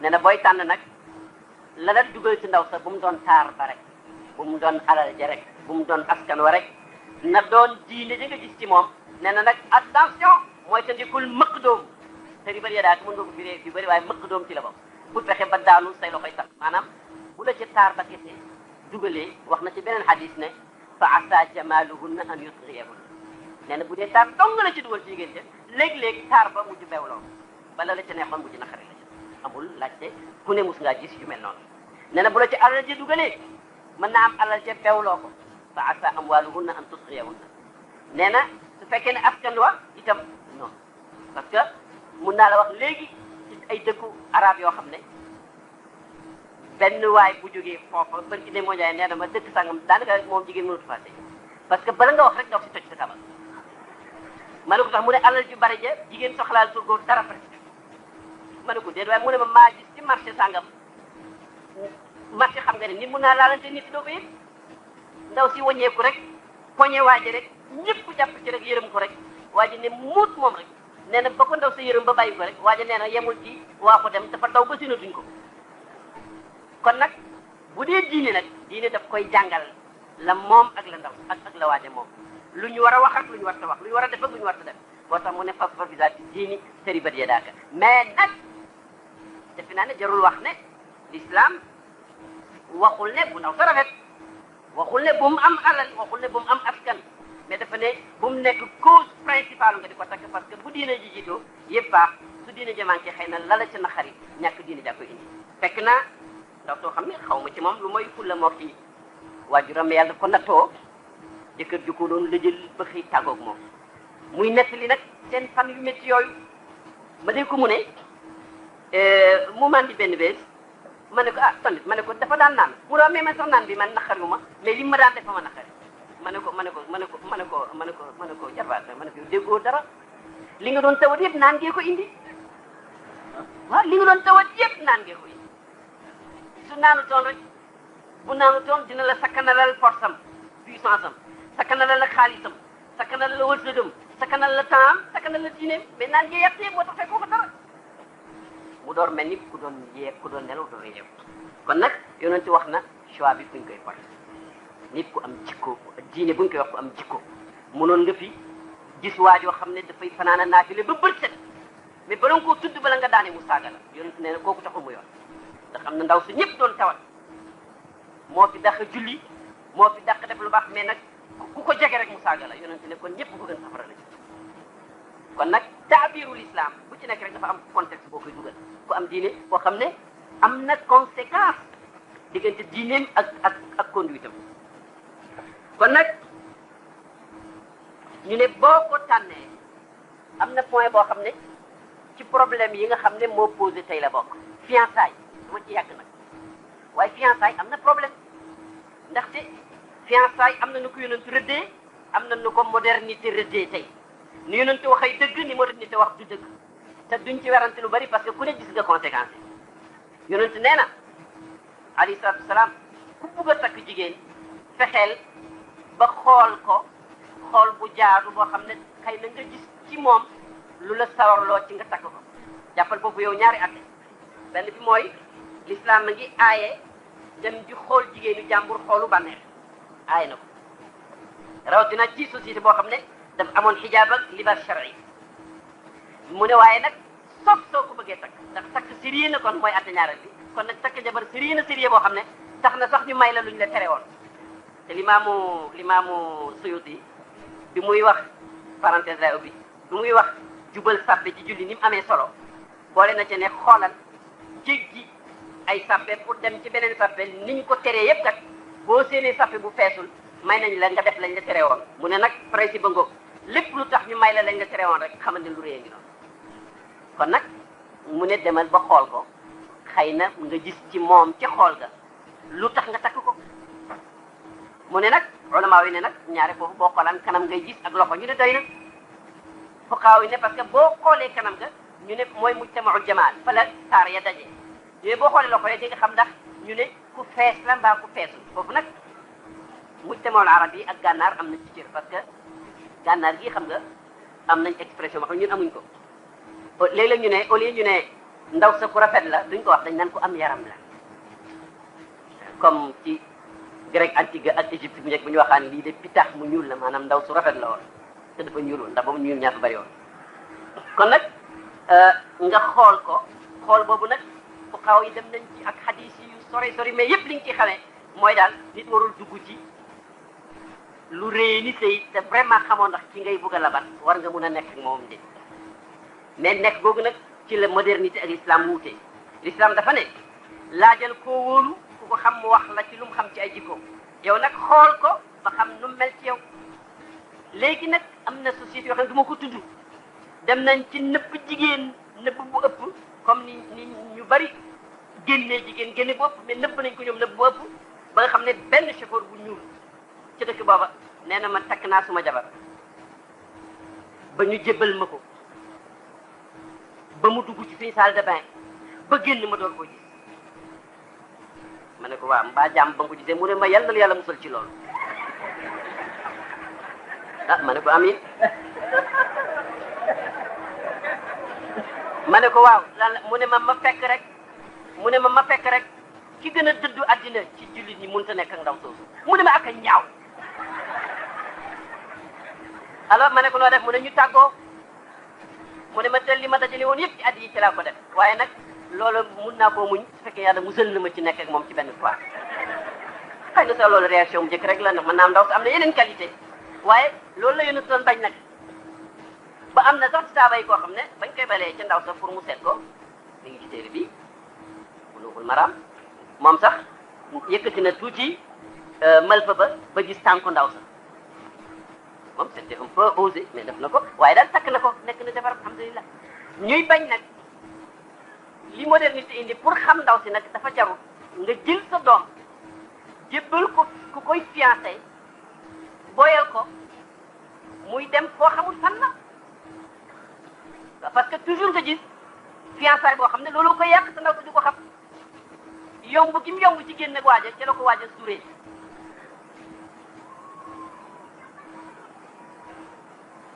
nee na booy tànn nag la la dugal ci ndaw sa bu mu doon taar ba rek bu mu doon alal ja rek bu mu doon askan wa rek na doon diine ji nga gis ci moom nee na nag attention mooy te ndikul mëq doom te ribal ya daal mën nga ko firee bëri waaye mëq doom ci la bokk bu fexe ba daanu say loxoy sax maanaam bu la ci taar ba kese dugalee wax na ci beneen xadis ne fa asa jamaluhunna na yutghiyahunna nee na bu dee taar dong la ci dugal ci jigéen ja léeg-léeg taar ba mujj bewloo bala la ca neexoon mujj naqari la ca amul ku ne mus ngaa gis yu mel noonu nee na bu la ci alal ji dugalee mën na am alal ca pewloo ko fa asa amwaaluhunna an tusxiyahunna nee na su fekkee ne askan wa itam noonu parce que mun naa la wax léegi ci ay dëkku arab yoo xam ne benn waay bu jógee foofa barki de moo jaay nee ma dëkk sàngam daanaka moom jigéen mënatu faa sëy parce que bala nga wax rek nga wax si ma ne ku tax mu ne alal ju bari ja jigéen soxlaal su góor dara presque ma ne ko déet waaye mu ne ma maa ci marché sàngam marché xam nga ne nit mun naa laalante nit doo ko ndaw si wañeeku rek poñe waa ji rek ñëpp jàpp ci rek yërëm ko rek waa ji ne muut moom rek nee na ba ko ndaw si yërëm ba bàyyi ko rek waa ji nee na yemul ci waa ko dem dafa daw ba sinatuñ ko kon nag bu ne diine nag diine daf koy jàngal la moom ak la ndaw ak ak la waaje moom lu ñu war a wax ak lu ñu war a wax lu war a def ak lu ñu war mu ne fa fa bisaati diini sëriñ ba daaka mais nag defe naa ne jarul wax ne l'islam waxul ne bu ndaw sa rafet waxul ne bu mu am alal waxul ne bu mu am askan mais dafa ne bu mu nekk cause principale nga di ko takk parce que bu diine ji jiitoo yëpp baax su diine ji manqué xëy na lala ci naxari ñàkk diine jaa koy indi fekk na ndaw soo xam ne xaw ma ci moom lu mooy fulla moo ci waajuram yàlla ko nattoo jëkkër ju ko doon la jël ba xëy tàggoog moom muy nettali nag seen fan yu métti yooyu ma dégg ko mu ne euh, mu mandi benn bés ma ne ko ah tamit ma ne ko dafa daan naan pourtant mais man sax naan bi man naqari ma mais li ma daan def ma naqari ma ne ko ma ne ko ma ne ko ma ne ko ma ne ko ma ne ko jarbaat ma ne ko dara li nga doon tawat yëpp naan gee ko indi waaw li nga doon tawat yëpp naan ngee ko indi su naanu toon rek bu naanu toon dina la sakkanalal force am puissance am sakkanalal la xaalisam sakkanalal la wërsëgam sakkanal la temps am sakkanal la diineem mais naan ngee yàq yëpp boo taxee koo mu door mel ni ku doon ku doon nelaw door yeew kon nag yonent wax na choix bi fuñ koy porté nit ku am jikko diine buñ koy wax ku am jikko mënoon nga fi gis waajoo xam ne dafay fanaana naafile ba bët set mais bala nga koo tudd bala nga daane mu saaga la yonent nee na kooku taxul mu yoon nga xam ne ndaw si ñëpp doon tawat moo fi dax julli moo fi dàq def lu baax mais nag ku ko jege rek mu saaga la yonent ne kon ñëpp ko gën safara la kon nag taabirul islam bu ci nekk rek dafa am contexte boo koy dugal ko am diine koo xam ne am na conséquence diggante diineem ak ak ak conduite kon nag ñu ne boo ko tànnee am na point boo xam ne ci problème yi nga xam ne moo posé tey la bokk fiançaay dama ci yàgg nag waaye fiançaay am na problème ndaxte fiançaay am na nu ko yonentu rëddee am na nu ko modernité rëddee tey ni yonent waxay dëgg ni murit ni te wax du dëgg te duñ ci werante lu bari parce que ku ne gis nga conséquence yi yonent nee na alayhi salaatu wasalaam ku bugg a takk jigéen fexeel ba xool ko xool bu jaaru boo xam ne xëy na nga gis ci moom lu la sawarloo ci nga takk ko jàppal boobu yow ñaari at benn bi mooy lislaam a ngi aaye dem di xool jigéenu jàmbur xoolu bànneex aaye na ko rawatina ci société boo xam ne dafa amoon xijaab ak libaas shar'i mu ne waaye nag soog soo ko bëggee takk ndax takk sérieux na kon mooy atte ñaareel bi kon nag takk jabar bar na sérieux boo xam ne tax na sax ñu may la lu ñu la tere woon te limaamu limaamu suyuti bi muy wax parenthèse lay ubbi bi muy wax jubal sàppe ci julli ni amee solo boole na ci ne xoolal jéggi ay sàppe pour dem ci beneen sàppe ni ñu ko teree yépp kat boo séenee sàppe bu feesul may nañ la nga def lañ la tere woon mu ne nag principe ba ngoog lépp lu tax ñu may la lañ nga tere woon rek xamal ne lu rëy a kon nag mu ne demal ba xool ko xëy na nga gis ci moom ca xool ga lu tax nga takk ko mu ne nag ulama yi ne nag ñaare foofu boo xoolaan kanam ngay gis ak loxo ñu ne doy na fuqaaw yi ne parce que boo xoolee kanam ga ñu ne mooy mujtamaul jamaal fa la taar ya daje yooyu boo xoolee loxo ya di nga xam ndax ñu ne ku fees la mbaa ku feesul foofu nag mujtamaul arab yi ak gànnaar am na ci cër parce que gànnaar gi xam nga am nañ expression wax ñun amuñ ko léeg-léeg ñu ne au lieu ne ndaw sa ku rafet la duñ ko wax dañ naan ko am yaram la comme ci grec antique ak égypte bu njëkk bu ñu waxaan lii de pitax mu ñuul la maanaam ndaw su rafet la woon te dafa ñuul ndax boobu ñuul ñaata bari kon nag euh, nga xool ko xool boobu nag fu xaw yi dem nañ ci ak xadis yi sori sori mais yépp liñ ci xamee mooy daal nit warul dugg ci lu réy li sëy te vraiment xamoon ndax ki ngay bugg a labat war nga mun a nekk moom de mais nekk googu nag ci la modernité ak l'islam wuute l'islam dafa ne laajal koo wóolu ku ko xam mu wax la ci lu mu xam ci ay jikko yow nag xool ko ba xam nu mel ci yow léegi nag am na société yoo xam ne du ma ko tudd dem nañ ci nëpp jigéen nëpp bu ëpp comme ni ni ñu bari génnee jigéen génne bu ëpp mais nëpp nañ ko ñoom nëpp bu ëpp ba nga xam ne benn chauffeur bu ñuul ci dëkk booba nee na man takk naa suma jabar ba ñu jébbal ma ko ba mu dugg ci suñu salle de ba génn ma door ko gis ma ne ko waaw mbaa jàmm ba nga ko gisee mu ne ma yàlla na yàlla musal ci loolu ah ma ne ko amiin ma ne ko waaw mu ne ma ma fekk rek mu ne ma ma fekk rek ki gën a dëddu àddina ci jullit ñi mun a nekk ak ndaw soosu mu ma ak a ñaaw. alors ma ne ko noo def mu ne ñu tàggoo mu ne ma teel li ma dajale woon yëpp ci at yi ci laa ko def waaye nag loolu mun naa koo muñ su fekkee yàlla musal na ma ci nekk ak moom ci benn fois xëy na sa loolu réaction mu njëkk rek la ndax mën naa ndaw si am na yeneen qualité waaye loolu la yónni doon bañ nag ba am na sax saaba yi koo xam ne bañ koy balee ca ndaw sax pour mu seet ko mi gi ci téere bi mu ma maraam moom sax yëkkati na tuuti Euh, mal fa ba ba gis tànku ndaw sa moom c'était un peu osé mais def na ko waaye daal takk na ko nekk na jabar alhamdulilah ñuy bañ nag li modernité indi pour xam ndaw si nag dafa jaru nga jël sa doom jébbal ko ku koy fiancé booyal ko muy dem koo xamul fan la parce que toujours nga gis fiançaay boo xam ne loolu ko yàq sa ndaw sa du ko xam yomb gi mu yomb ci génn ak waaja ci ko waaja suuree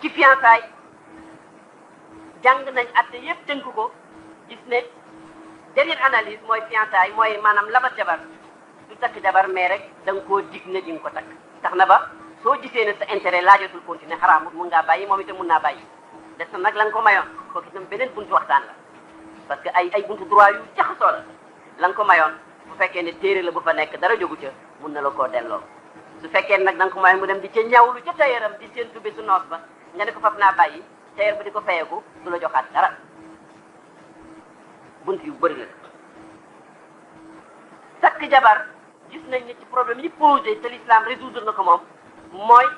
ci fiançaay jàng nañ atte yëpp tënk ko gis ne dernière analyse mooy fiançaay mooy maanaam labat jabar du takk jabar mais rek da nga koo dig ne di ko takk tax na ba soo gisee ne sa intérêt laajatul continuer xaraamut mun ngaa bàyyi moom itam mun naa bàyyi des na nag la ko mayoon kooku itam beneen buntu waxtaan la parce que ay ay buntu droit yu jaxasoo la ko mayoon bu fekkee ne téere la bu fa nekk dara jógu ca mun na la koo delloo su fekkee nag da nga ko mayoon mu dem di ca ñawlu ca tayaram di seen tubé su noos ba nga ne ko fab naa bàyyi tailleur ba di ko fayeeku du la joxaat dara bunt yu bëri nag takk jabar gis nañ ne ci problème yi posé te l'islam résoudre na ko moom mooy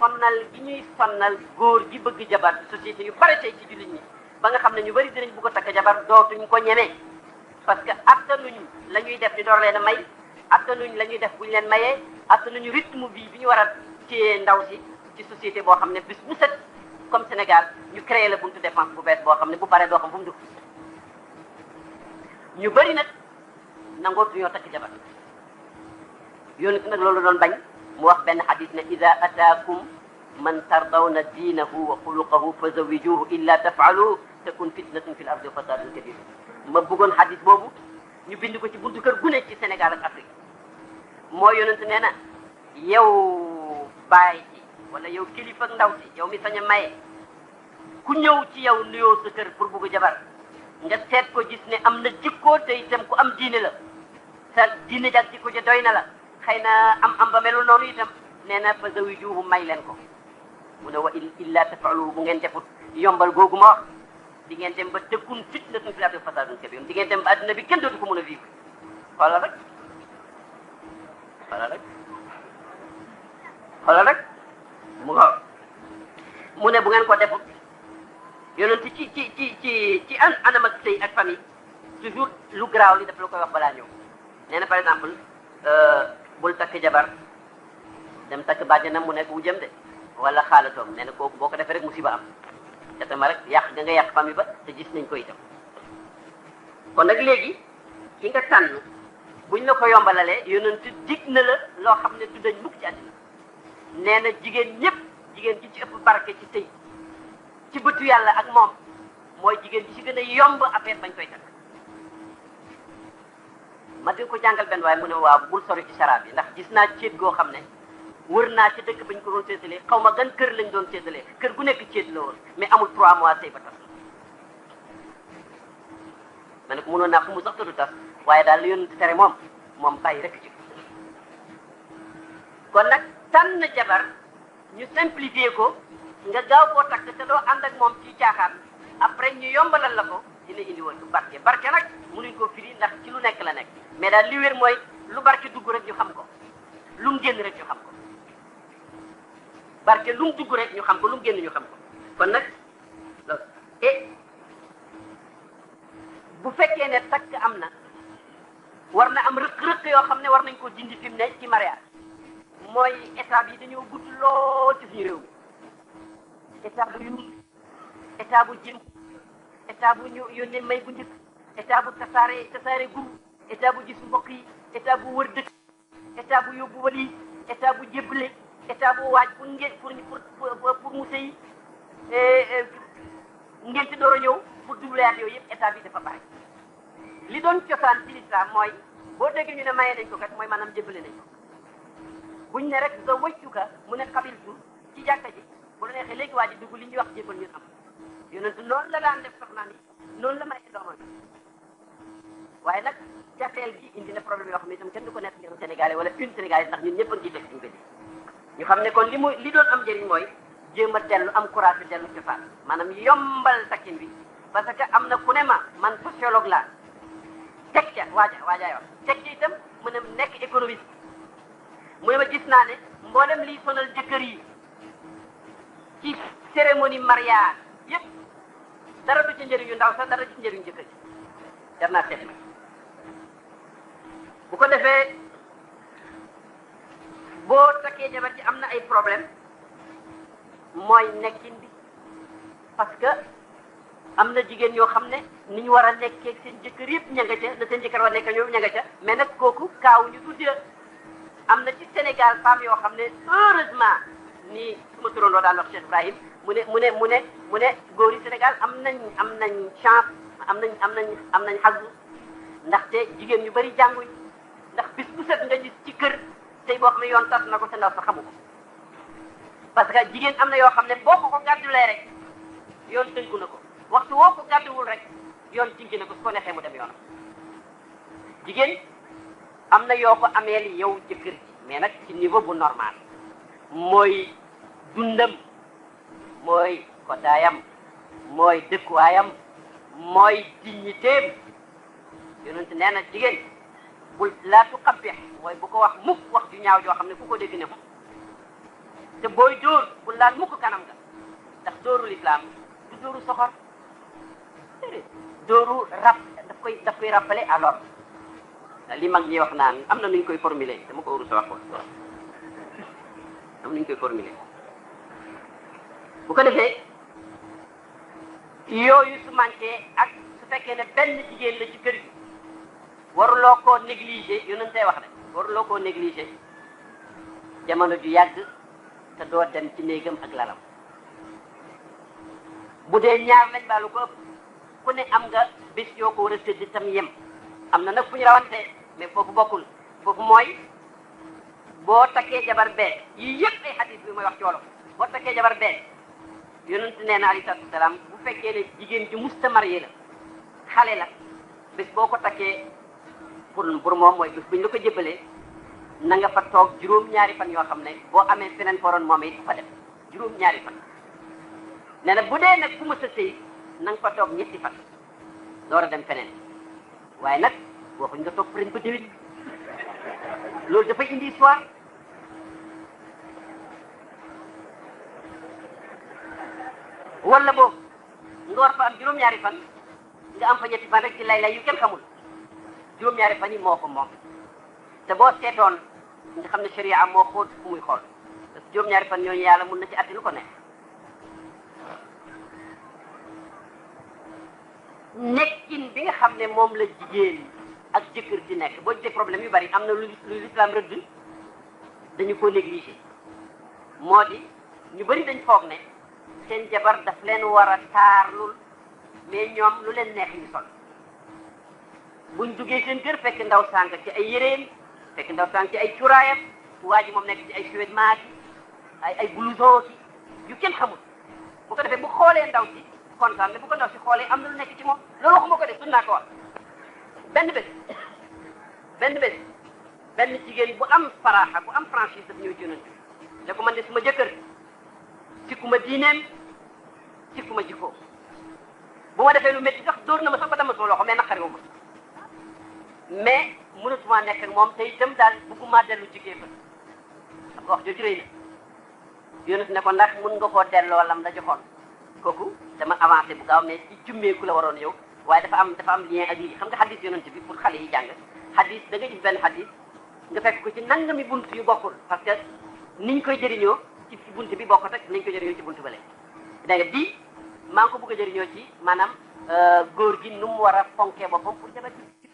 sonnal gi ñuy sonnal góor gi bëgg jabar société yu bari tey ci jullit ñi ba nga xam ne ñu bari dinañ bëgg a takk jabar dootuñ ko ñemee parce que attanuñ la ñuy def di door leen a may attanuñ la ñuy def bu ñu leen mayee attanuñu rythme bi bi ñu war a téye ndaw si ci société boo xam ne bis bu set comme Sénégal ñu créé la buntu dépense bu bees boo xam ne bu paree doo xam bu mu dugg ñu bëri nag nangootuñoo takk jabar yonent nag loolu doon bañ mu wax benn xadis ne ida ataakum man tardawna diinahu wa xuluqahu fa zawijuhu illa tafaalu takun fitnatun fi l ardi wa fasadun ma bëggoon xadis boobu ñu bind ko ci buntu kër gune ci Sénégal ak moo yonent nee na yow bàyyi wala yow kilifa ndaw si yow mi sañ a maye ku ñëw ci yow nuyoo sa kër pour bugg jabar nga seet ko gis ne am na jikkoo te itam ko am diine la sa diine jak ko ja doy na la xëy na am am ba melul noonu itam nee na fa zawijuhu may leen ko mu ne wa illa tafalu bu ngeen defut yombal googu ma wax di ngeen dem ba tëkkun fitnatun fil ardi fasadun kabir di ngeen dem ba adduna bi kenn dootu ko mën a vivre xoolal rek rek xoolal rek mu mu ne bu ngeen ko defut yonent ci ci ci ci ci an anam ak sëy ak famille toujours lu garaaw li daf lu ko wax balaa ñëw nee par exemple euh, bul takk jabar dem bàjj na mu nekk wujjam de wala xaalatoom nee na kooku boo ko defee rek musiba am te tamit rek yàq nga nga yàq famille ba te gis nañ koy itam kon nag léegi ki nga tànn buñ la ko yomba yombalalee yonent dig na la loo xam ne du dañ mukk ci nee na jigéen ñëpp jigéen ci ci ëpp barke ci tëy ci bëtu yàlla ak moom mooy jigéen ci ci gën a yomb affaire bañ koy ma di ko jàngal benn waaye mu ne waaw bul sori ci saraab yi ndax gis naa céet goo xam ne wër naa ci dëkk bañ ko doon séetalee xaw ma gan kër lañ doon séetalee kër gu nekk céet la woon mais amul trois mois sëy ba tas ma ne ko mënoon naa fu mu sax du tas waaye daal li yoon tere moom moom bàyyi rek ci kon nag tànn jabar ñu simplifier ko nga gaaw koo takk te doo ànd ak moom ci caaxaan après ñu yombalal la ko dina indi woon barke barke nag mënuñ ko firi ndax ci lu nekk la nekk mais daal li wér mooy lu barke dugg rek ñu xam ko lu mu génn rek ñu xam ko barke lu mu dugg rek ñu xam ko lu génn ñu xam kon nag bu fekkee ne takk am na war na am rëq-rëq yoo xam ne war nañ koo dindi fi ne ci mariage mooy état yi dañoo gudd lool ci suñu réew état bu yuus état ñu yónnee may bu njëkk état bu tasaare tasaare gu état bu gis yi état bu wër bu yóbbu wali état bu jébbale état bu waaj pour ngeen pour pour pour mu sëy eh, eh, ngeen door a ñëw pour doublaat yooyu yëpp état yi dafa bari li doon cosaan ci lislaam mooy boo déggee ñu ne maye nañ ko kat mooy maanaam jébbale nañ ko buñ ne rek zawajtuka mu ne xabiltu ci jàkka ji bu la neexee léegi waa ji dugg li ñuy wax jébbal ñun am yonent noonu la daan def soxnaan yi noonu la mayee doomam waaye nag jafeel gi indi na problème yoo xam ne tam kenn du ko nekk ngeen Sénégalais wala une Sénégalais ndax ñun ñëpp a ñu xam ne kon li muy li doon am njëriñ mooy jéem a dellu am courage dellu ci faat maanaam yombal takkin bi parce que am na ku ne ma man sociologue laa teg ca waaja waajaay wax teg itam mu ne nekk économiste mu ne ma gis naa ne mboolem liy sonal jëkkër yi ci cérémonie mariage yëpp dara du ci njëriñu ndaw sax dara du ci njëriñu jëkkër yi jar naa seet nag bu ko defee boo takkee jabar ji am na ay problème mooy nekkin bi parce que am na jigéen ñoo xam ne ni ñu war a nekkee seen jëkkër yëpp ña nga ca la seen jëkkër war nekk ñoom ña nga ca mais nag kooku kaaw ñu tuddee am na ci Sénégal femmes yoo xam ne heureusement ni su ma turandoo daan wax Cheikh Ibrahim mu ne mu ne mu ne mu yi Sénégal am nañ am nañ chance am nañ am nañ am nañ xasu ndaxte jigéen ñu bëri jànguñ ndax bis bu set nga gis ci kër tey boo yoon tas na ko te ndaw sa xamu ko parce que jigéen am na yoo xam ne boo ko ko gàddulee rek yoon tënku na ko waxtu woo ko gàdduwul rek yoon tinki na ko su ko neexee mu dem yoonam jigéen am na yoo ko ameel yow jëkkër ji mais nag ci niveau bu normal mooy dundam mooy kotaayam mooy dëkkuwaayam mooy dignitéem yonent nee na jigéen bul laa tuqabbih mooy bu ko wax mukk wax ju ñaaw joo xam ne ku ko dégg ne ko te booy dóor bul laal mukk kanam nga ndax dóoru lislaam du dóoru soxor dóoru rab daf koy daf koy rappelé alors li mag ñi wax naan am na nuñ koy formuler dama ko rus a wax ko am nuñ koy formuler bu ko defee yooyu su manqué ak su fekkee ne benn jigéen la ci kër gi waruloo koo négliger yonent tey wax rek waruloo koo négliger jamono ju yàgg te doo dem ci néegam ak lalam bu dee ñaar lañ baalu ko ku ne am nga bés yoo ko war a tëdd tam yem am na nag fu ñu de mais foofu bokkul foofu mooy boo takkee jabar be yii yëpp ay xadis bi mooy wax ci boo takkee jabar bee yonent nee na alayhi salaatu wasalaam bu fekkee ne jigéen ji musta marié la xale la bés boo ko takkee pour pour moom mooy bés bu ñu la ko jëbalee na nga fa toog juróom-ñaari fan yoo xam ne boo amee feneen foroon moom it fa def juróom-ñaari fan nee na bu dee nag ku ma sa sëy na fa toog ñetti fan door a dem feneen waaye nag waxuñ nga topp ren ba déwén loolu dafay indi histoire wala boobu nga war fa am juróom-ñaari fan nga am fa ñetti fan rek ci lay-lay yu kenn xamul juróom-ñaari fan moo ko moom te boo seetoon nga xam ne sharia moo xóot fu muy xool parce que juróom-ñaari fan ñooñu yàlla mun na ci atti lu ko ne nekkin bi nga xam ne moom la jigéen ak jëkkër di nekk boo gisee problème yu bari am na lu lu lislaam rëdd dañu ko négligé moo di ñu bari dañ foog ne seen jabar daf leen war a taarlul mais ñoom lu leen nekk ñu sol buñ duggee seen kër fekk ndaw sànq ci ay yéreem fekk ndaw sànq ci ay cuuraayam waa ji moom nekk ci ay suwet maaki ay ay blouson yu kenn xamul bu ko defee bu xoolee ndaw si kontaan ne bu ko ndaw si xoolee am na lu nekk ci moom loolu waxuma ko def naa ko wax benn bés benn bés benn jigéen bu am faraaxa bu am franchise daf ñëw ci yonent bi ne ko man de suma jëkkër jikkoo bu defee lu métti sax na ma sax ba dama sama loxo mais naqari wu ma mais moom te itam daal bëgguma dellu jigéen ba xam nga na ne ko ndax mun nga koo delloo lam la joxoon kooku dama avancé bu gaaw mais ci ku la waroon yow waaye dafa am dafa am lien ak lii xam nga xadis yonent bi pour xale yi jàng xadis da nga gis benn xadis nga fekk ko ci nangami bunt yu bokkul parce que niñ koy jëriñoo ci bunt bi bokkut ak niñ koy jëriñoo ci bunt ba léegi da nga bii maa ngi ko bëgg a jëriñoo ci maanaam euh, góor gi nu mu war a fonkee boppam pour jabar ji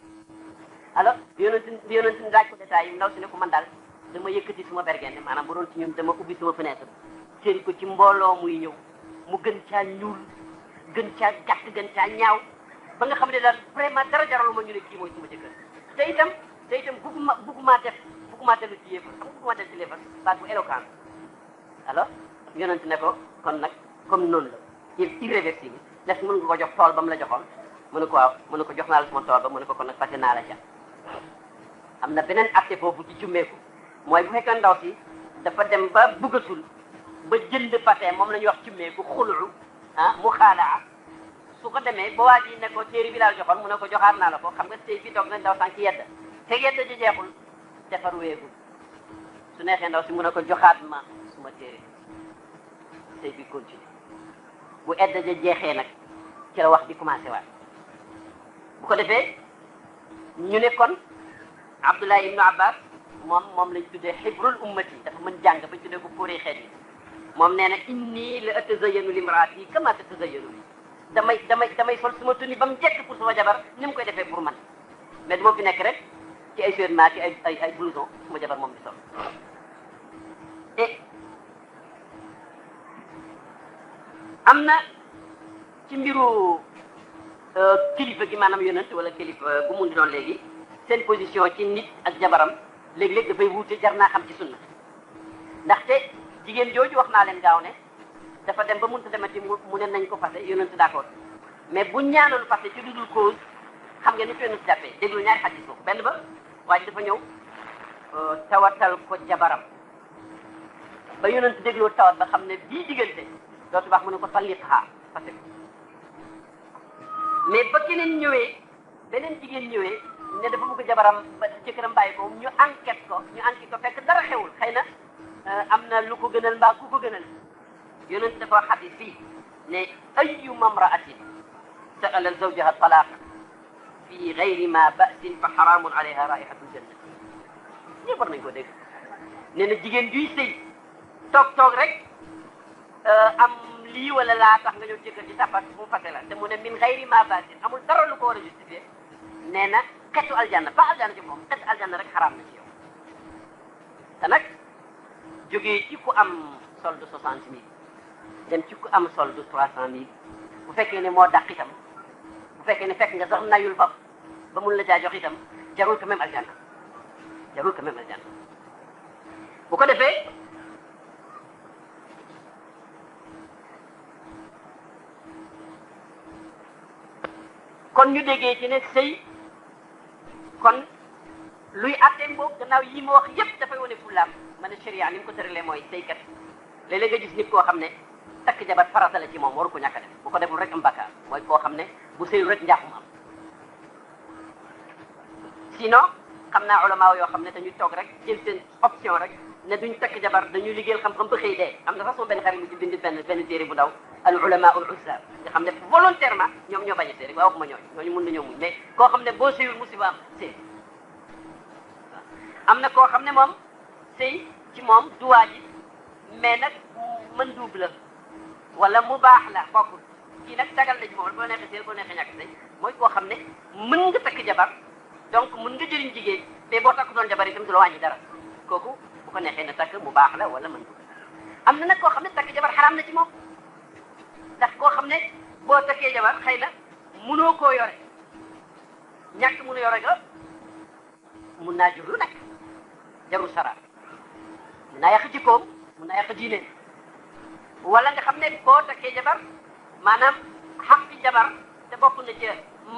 alors yonent yonent ni laaj ko détails yi ndaw si ne ko man daal dama yëkkati suma bergende maanaam bu doon ci ñun dama ubbi suma fenêtre séen ko ci mbooloo muy ñëw mu gën caa ñuul gën caa gàtt gën caa ñaaw ba nga xam ne daal vraiment dara jaraluma ñu ne kii mooy suma jëkkër te itam te itam bugguma ma def bugguma def ci yéefar xam bugguma def ci yéefar baat si éloquent alors ne ko kon nag comme noonu la irréversible des mën nga ko jox tool ba mu la joxoon mu ne ko waaw mu ko jox naa la sama tool ba mu ne ko kon nag fàtte naa la ca am na beneen acte boobu ci cummeeku mooy bu fekkee ndaw si dafa dem ba sul ba jënd patin moom la ñuy wax cimmeeku xulucu ah mu xaalaa su ko demee ba waa ji ne ko téere bi laa joxoon mu ne ko joxaat naa la ko xam nga tey fii toog nañ ndaw sànq yedd te yedd ji jeexul defar weegu su neexee ndaw si mu ne ko joxaat ma suma téere tey bi continué bu edd ja jeexee nag ci wax bi commencé waat bu ko defee ñu ne kon Abdullah ibnu Abbas moom moom lañ tuddee xibrul ummati dafa mën jàng ba ñu tuddee ko kóoree xeet yi moom nee na inni la atazayanu limraati kama tatazayanu bi damay damay damay sol suma tuni ba mu jekk pour suma jabar ni mu koy defee pour man mais du ma nekk rek ci ay surna ci ay ay ay blouson suma jabar moom di sol et am na ci mbiru euh, kilifa gi maanaam yonent wala kilifa gu euh, mu di doon léegi seen position ci nit ak jabaram léeg-léeg dafay wuute jar naa xam ci sunna ndaxte jigéen jooju wax naa leen gaaw ne dafa dem ba mënut a demati mu ne nañ ko fase yonent d'accord mais bu ñaanoon fase ci dudul cause xam nga ni ko yonent jàppee déglu ñaari xadis boobu benn ba waa ji dafa ñëw euh, tawatal ko jabaram ba yonent dégloo tawat ba xam ne bii diggante dootu baax mu ne ko talliqha parce que mais ba keneen ñëwee beneen jigéen ñëwee ne dafa bëgg jabaram ba ci këram bàyyi ko ñu enquête ko ñu enquête ko fekk dara xewul xëy na am na lu ko gënal mbaa ku ko gënal yonent dafa xadis fii ne ayuma mraatin saala zawjaha talaaq fi gayri ma basin fa xaraamun alayha raihatu ljanna ñëpp war nañ ko dégg nee na jigéen juy sëy toog toog rek euh, am lii wala laa tax nga ñëw jëkkër ci tapas mu fase la te mu ne min gayri ma basin amul dara lu ko war a justifié nee na xetu aljanna ba aljanna ci moom xetu aljanna rek xaraam na ci yow te nag jóge ci ku am solde soixante mille dem ci ku am solde trois cent mille bu fekkee ne moo dàq itam bu fekkee ne fekk nga sax nayul fab ba mun la caa jox itam jarul quand même aljanna jarul quand même aljanna bu ko defee kon ñu déggee ci ne sëy kon luy atteem boobu gannaaw yi ma wax yépp dafay wane fulaam ma ne sharia ni mu ko tëralee mooy sëykat léeg-léeg nga gis nit koo xam ne takk jabar farata la ci moom waru ko ñàkk a def bu ko deful rek am bakkaar mooy koo xam ne bu sëyul rek njaaxum am sinon xam naa ulama yoo xam ne dañuy toog rek jël seen option rek ne duñ takk jabar dañuy liggéeyal xam-xam ba xëy dee am na façon benn xarit mu ci bind benn bu ndaw al ulama ul usab nga xam ne volontairement ñoom ñoo bañ a sëy rek waaw waxuma ñooñu ñooñu mun koo xam ne boo sëyul musiba am sëy am na koo xam ne moom sëy ci moom du waajib mais nag mën duub la wala mu baax la bokkul kii nag dagal la ci moom boo neexee séer boo neexee nag say mooy koo xam ne mën nga takk jabar donc mën nga jëriñ jigéen mais boo takk doon jabar itam du la wàññi dara kooku bu ko neexee na takk mu baax la wala mën duub am na nag koo xam ne takk jabar xaraam na ci moom ndax koo xam ne boo takkee jabar xëy na mënoo koo yore ñàkk mënu yore ga mun naa jur lu nekk mun naa yàq jikkoom mu naa yàq diine wala nga xam ne boo takkee jabar maanaam xam ci jabar te bokk na ca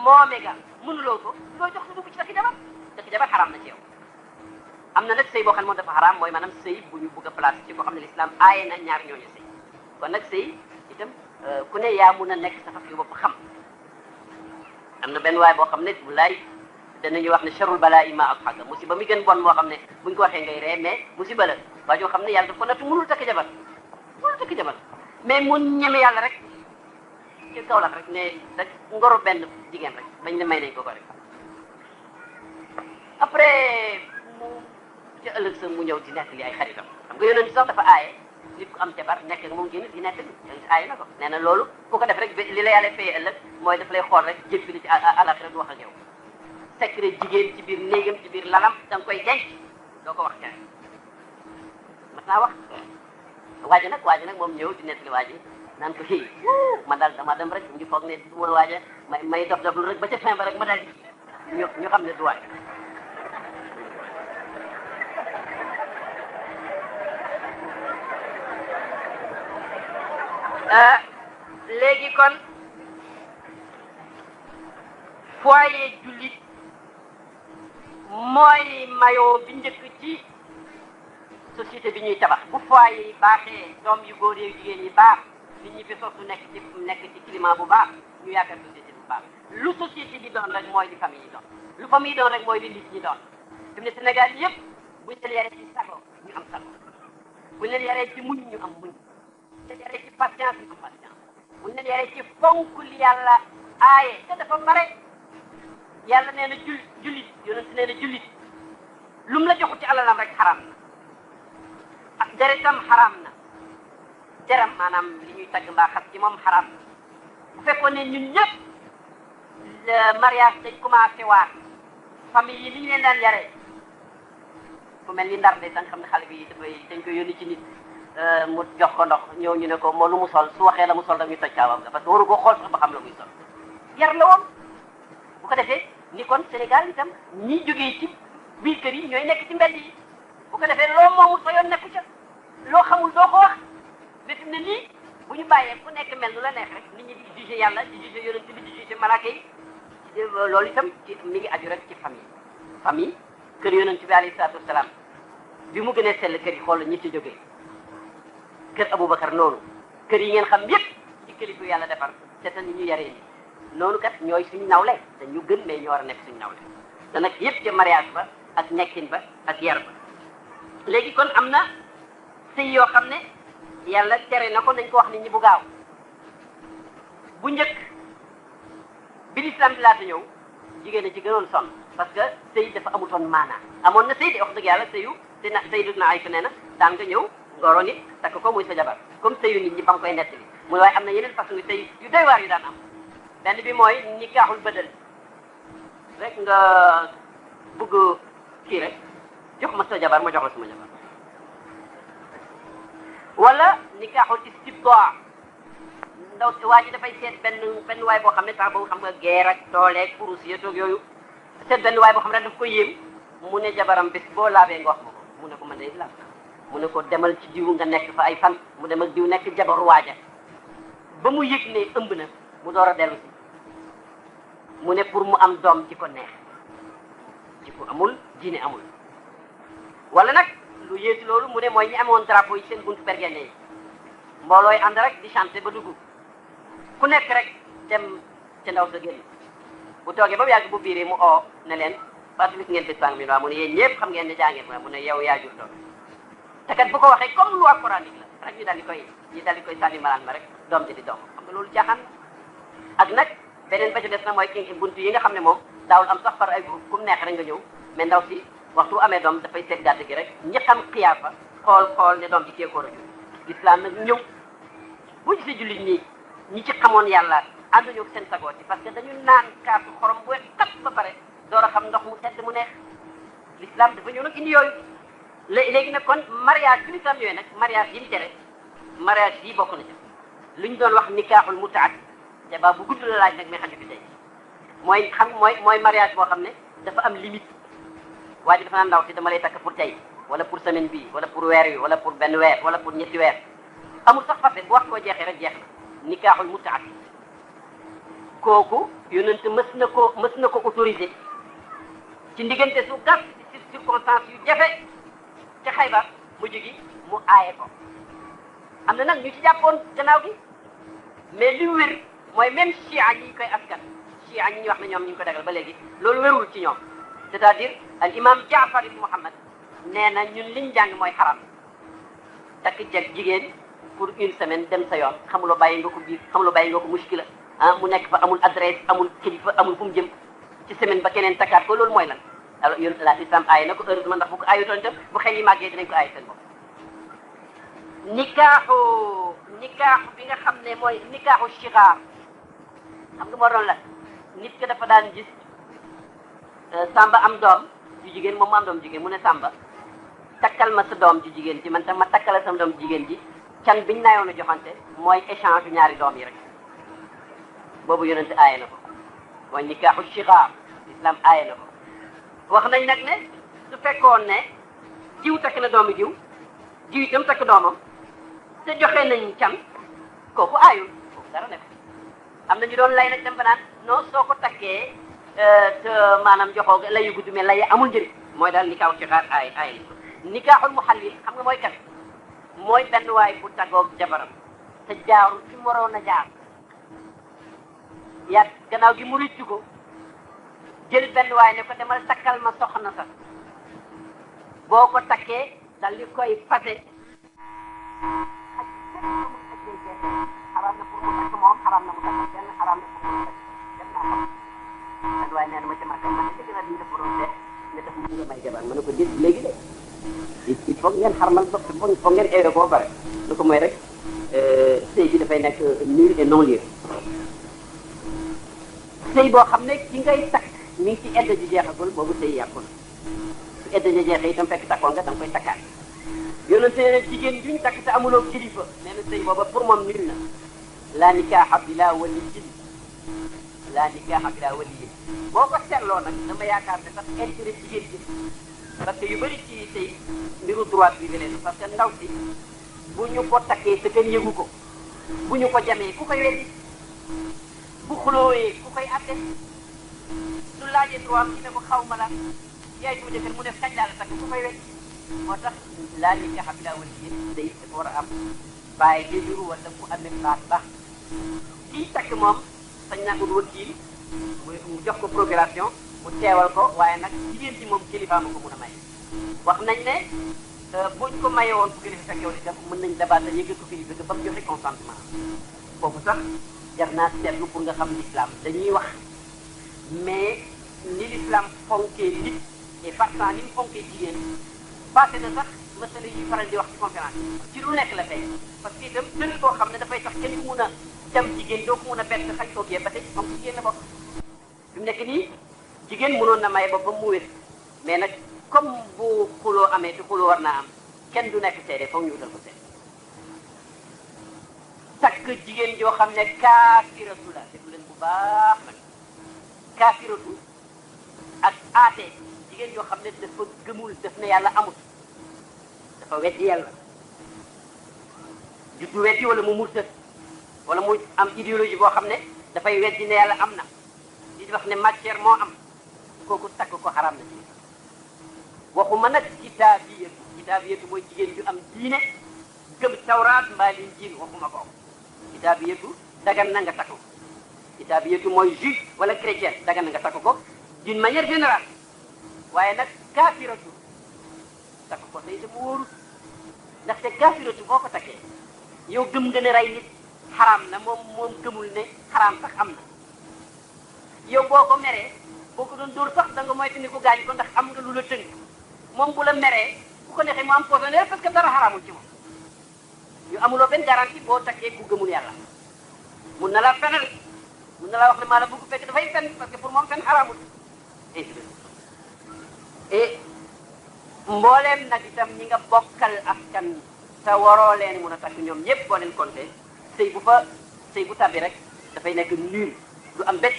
moome ga mënuloo ko loo jox sa dugg ci takki jabar takki jabar xaraam na ci yow am na nag sëy boo xam ne moom dafa xaraam mooy maanaam sëy bu ñu bëgg a ci boo xam ne lislaam aaye na ñaar ñooñu sëy kon nag sëy itam euh, ku ne yaa mu a nekk sa faf yu bopp xam am na benn waay boo xam ne bu laay danañuy wax ne charul balaa i ma ak xàgga musiba mi gën bon moo xam ne buñ ko waxee ngay ree mais musiba la waa joo xam ne yàlla na ko nattu mënul takk jabar mënul takk jabar mais mun ñeme yàlla rek ci Kaolack rek ne rek benn jigéen rek bañ may nañ ko ko rek après mu ca ëllëg sa mu ñëw di nekk li ay xaritam am nga yonent sax dafa aaye nit am jabar nekk ak moom génn di nekk li aaye na ko nee na loolu ku ko def rek li la yàlla fayee ëllëg mooy daf lay xool rek jëf li ci àlaxira du wax ak yow secret jigéen ci biir néegam ci biir lalam da nga koy denc doo ko wax kenn mën naa wax waaji nag moom ñëw di nettali waaji naan ko xëy man daal dama dem rek ñu foog ne du ma waaja may may dof dof lu rek ba ca fin ba rek ma daal ñu ñu xam ne du waaj euh, léegi kon foyer jullit mooy maillon bi njëkk ci société bi ñuy tabax bu foyer yi baaxee doom yu góor yu jigéen yi baax nit ñi fi sosu nekk ci nekk ci climat bu baax ñu yaakaar société bu baax lu société bi doon rek mooy li famille yi doon lu famille doon rek mooy li nit ñi doon fi mu ne Sénégal yëpp buñ leen yaree ci sago ñu am sago buñ leen yaree ci muñ ñu am muñ buñ leen yaree ci patience ñu am patience buñ leen yaree ci fonk li yàlla aaye te dafa bare yàlla nee na jul jullit yonent nee na jullit lu la joxu ci alalam rek xaraam na ak deretam xaraam na deram maanaam li ñuy tagg mbaa xas ci moom xaraam na bu fekkoon ne ñun ñëpp mariage dañ commencé waat famille yi ni ñu leen daan yare ku mel ni ndar de danga xam ne xale bi dafay dañ ko yónni ci nit euh, mu jox ko ndox ñëw ñu ne ko moo lu mu sol su waxee la mu sol da ñu toj kaawam nga parce que waru ko xool sax ba xam la mu sol yar la woon bu ko defee ni kon Sénégal itam ñi jógee ci biir kër yi ñooy nekk ci mbedd yi bu ko defee loo moomul sa yoon nekku ca loo xamul doo ko wax mais fi mu nii bu ñu bàyyee ku nekk mel nu la neex rek nit ñi di yàlla di jugé yonent bi di jugé malaaka yi loolu itam ci mi ngi aju rek ci famille famille kër yonent bi alayhi salaatu wasalaam bi mu gënee sell kër yi xool ñi ci jógee kër Aboubacar noonu kër yi ngeen xam yépp ci kilifu yàlla defar te te ni ñu yaree ni noonu kat ñooy suñ nawle te ñu gën mais ñu war a nekk suñ nawle te nag yëpp ca mariage ba ak nekkin ba ak yar ba léegi kon am na sëy yoo xam ne yàlla tere na ko nañ ko wax nit ñi bu gaaw bu njëkk bi lislaam bi laata ñëw jigéen a ci gënoon sonn parce que sëy dafa amutoon maanaa amoon na sëy de wax dëgg yàlla sëyu sëy na sëy dut na ay nee na daan nga ñëw ngoro nit takk ko muy sa jabar comme sëyu nit ñi ba mu koy nett bi muy waaye am na yeneen façon yu doy waar yu daan am benn bi mooy nikaaxul bëdal rek nga bëgg kii rek jox ma sa jabar ma jox la sama jabar wala nikaaxul istibdaa ndaw waa ji dafay seet ben benn waay boo xam ne sax boobu xam nga geer ak kurus ya toog yooyu seet benn waay boo xam ne daf ko yéem mu ne jabaram bés boo laabee nga wax ma mu ne ko man day laab mu ne ko demal ci diw nga nekk fa ay fan mu dem ak diw nekk jabar waaja ba mu yëg ne ëmb na mu door a dellu si mu ne pour mu am doom ji ko neex ji ko amul diine amul wala nag lu yéesu loolu mu ne mooy ñi amoon drapeau yi seen buntu bergene yi mboolooy ànd rek di chanter ba dugg ku nekk rek dem ca ndaw sa génn bu toogee ba mu yàgg bu biiree mu oo ne leen fàttaliku ngeen bés bang mi waaw mu ne yéen ñëpp xam ngeen ne jaa ngeen mu ne yow yaa jur doom te kat bu ko waxee comme loi coranique la rek ñu dal di koy ñu daal di koy sànni malaan ma rek doom ji di doom xam nga loolu jaaxaan a nag beneen ba ci na mooy ki bunt yi nga xam ne moom daawul am sax par ay groupe ku mu nga ñëw mais ndaw si waxtu amee doom dafay seet gàtt gi rek ñi xam xiyaafa xool xool ne doom ci keekoo rajo lislaam nag ñëw bu gisee jullit nii ñu ci xamoon yàlla na ak seen sagoo ci parce que dañu naan kaasu xorom bu tat ba pare door a xam ndox mu tedd mu neex lislaam dafa ñëw nag indi yooyu léegi nag kon mariage bi lislaam ñëwee nag mariage yi mu tere mariage yi bokk na ci luñ doon wax nikaaxul mutaat débat bu gudd la laaj nag mais mooy xam mooy mooy mariage boo xam ne dafa am limit waa ji dafa naan ndaw si dama lay takk pour tey wala pour semaine bi wala pour weer wi wala pour benn weer wala pour ñetti weer amul sax fase bu wax koo jeexee rek jeex na nikaaxul mutaat kooku yonent mës na ko mës na ko autorisé ci ndiggante su gas ci circonstance yu jafe te xaybar mu jógi mu aaye ko am na nag ñu ci jàppoon gannaaw gi mais li mooy même chia yi ñu koy askan chia ñi ñuy wax ne ñoom ñu ngi ko dagal ba léegi loolu wérul ci ñoom c'est-à-dire al imam jaafar ibn muhammad nee na ñun liñ jàng mooy xaram takk jeg jigéen pour une semaine dem sa yoon xamuloo bàyyi nga ko biir xamuloo bàyyi nga ko muskila ah mu nekk fa amul adresse amul kilifa amul fu mu jëm ci semaine ba keneen takkaat ko loolu mooy lan alors yoon la islam aay na ko heureusement ndax bu ko aayutoon itam bu xel yi màggee dinañ ko aay seen bopp nikaaxu nikaaxu bi nga xam ne mooy nikaaxu shiraar xam nga moo doon nit ki dafa daan ji euh, Samba am doom ju jigéen moom mu am doom jigéen mu ne Samba takkal ma sa doom ju jigéen ji man ma takkal sama doom jigéen ji can biñ naayoon joxante mooy échange ñaari doom yi rek boobu yonent aaye na ko mooy nikaaxu shixaar islam aaye na ko wax nañ nag ne su fekkoon ne jiw takk na doomi jiw jiw itam takk doomam te joxe nañ can kooku aayul kooku dara nekk am na ñu doon lay nag dem ba naan soo ko takkee euh, te maanaam joxoo layu gudd lay amul njëriñ mooy daal nikaaxul ci xaar ay ay li nikaaxul mu xallil xam nga mooy kame mooy benn waay bu taggoog jabaram te jaarul fi mu waroon a jaar yaa gannaaw gi mu rëccu ko jël benn waay ne ko demal takkal ma soxna sa boo ko takkee dal li koy fase xaraam na pour mu takk moom xaraam na mu takk kenn xaraam na pour takk def ma ca màkka ma dëgg naa nga may ba foog ngeen rek euh, sëy bi dafay nekk lieu et non boo xam ne ki ngay takk ngi ci edda ji jeexagul boobu sëy yàqul su edda ji jeexee itam fekk takkoon koy takkaat yonente ne jigéen duñ takk te amuloo kilifa nee na sëy booba pour moom nul na laa nikaaxa bi laa wali jin laa nikaaxa bi laa wali yi boo ko seetloo nag dama yaakaar ne sax intérêt jigéen ji parce que yu bëri ci tey mbiru droit privé leen parce que ndaw si bu ñu ko takkee te kenn yëgu ko bu ñu ko jamee ku koy weddi bu xulóoyee ku koy atte su laajee droit bi ne ko xaw ma la yaay bu jëkkër mu def kañ laa la takk ku koy weddi moo tax laa nikaaxa bi laa wali yi day dafa war a am bàyyi bi juru wala ku amee baat baax kii takk moom sañ naa ko wakiil mu jox ko procuration mu teewal ko waaye nag jigéen ji moom kilifa ma ko mun a may wax nañ ne euh, buñ ko maye woon bu kilifa fekkee woon itam mën nañ dabaata yëgal ko kilifa ga ba mu joxe consentement foofu sax jar naa seetlu pour nga xam l'islam dañuy wax mais ni l'islam fonkee nit et partant ni mu fonkee jigéen passé na sax masala yi faral di wax ci conférence ci lu nekk la tey parce que itam tënk koo xam ne dafay tax kenn mun a itam jigéen doo ko mën a bett xaj ko gee ba tey moom jigéen la mu nekk nii jigéen mënoon na may ba ba mu mais nag comme bu xuloo amee te war naa am kenn du nekk seede foog ñu wutal jigéen joo xam ne kaafiratu la déglu leen bu baax man kaafiratu xam ne dafa def na yàlla amut wala mu am idéologie boo xam ne dafay weddi ne yàlla am na di wax ne matière moo am kooku takk ko xaraam na ci waxuma nag kitaabiyatu kitaabiyatu mooy jigéen ju am diine gëm tawraat mbaa linjiil waxuma ko kitaabiyatu dagan na nga takk ko kitaabiyatu mooy juif wala chrétien dagan na nga takk ko d'une manière générale waaye nag kaafiratu takk ko tey dama wóorut ndaxte kaafiratu boo ko takkee yow gëm nga ne rey xaraam na moom moom gëmul ne xaraam sax am na yow boo ko meree boo ko doon dóor sax da nga moytandiku gaañ ko ndax am nga lu moom bu la meree bu ko neexee mu am poisonné parce que dara xaraamul ci moom yu amuloo benn garantie boo takkee ku gëmul yàlla mun na la fenal mun na la wax ne maa la bëgg fekk dafay fen parce que pour moom fen xaraamul et mbooleem nag itam ñi nga bokkal askan te waroo leen mun a takk ñoom ñëpp boo leen compté sëy bu fa sëy bu tàbbi rek dafay nekk nul lu am benn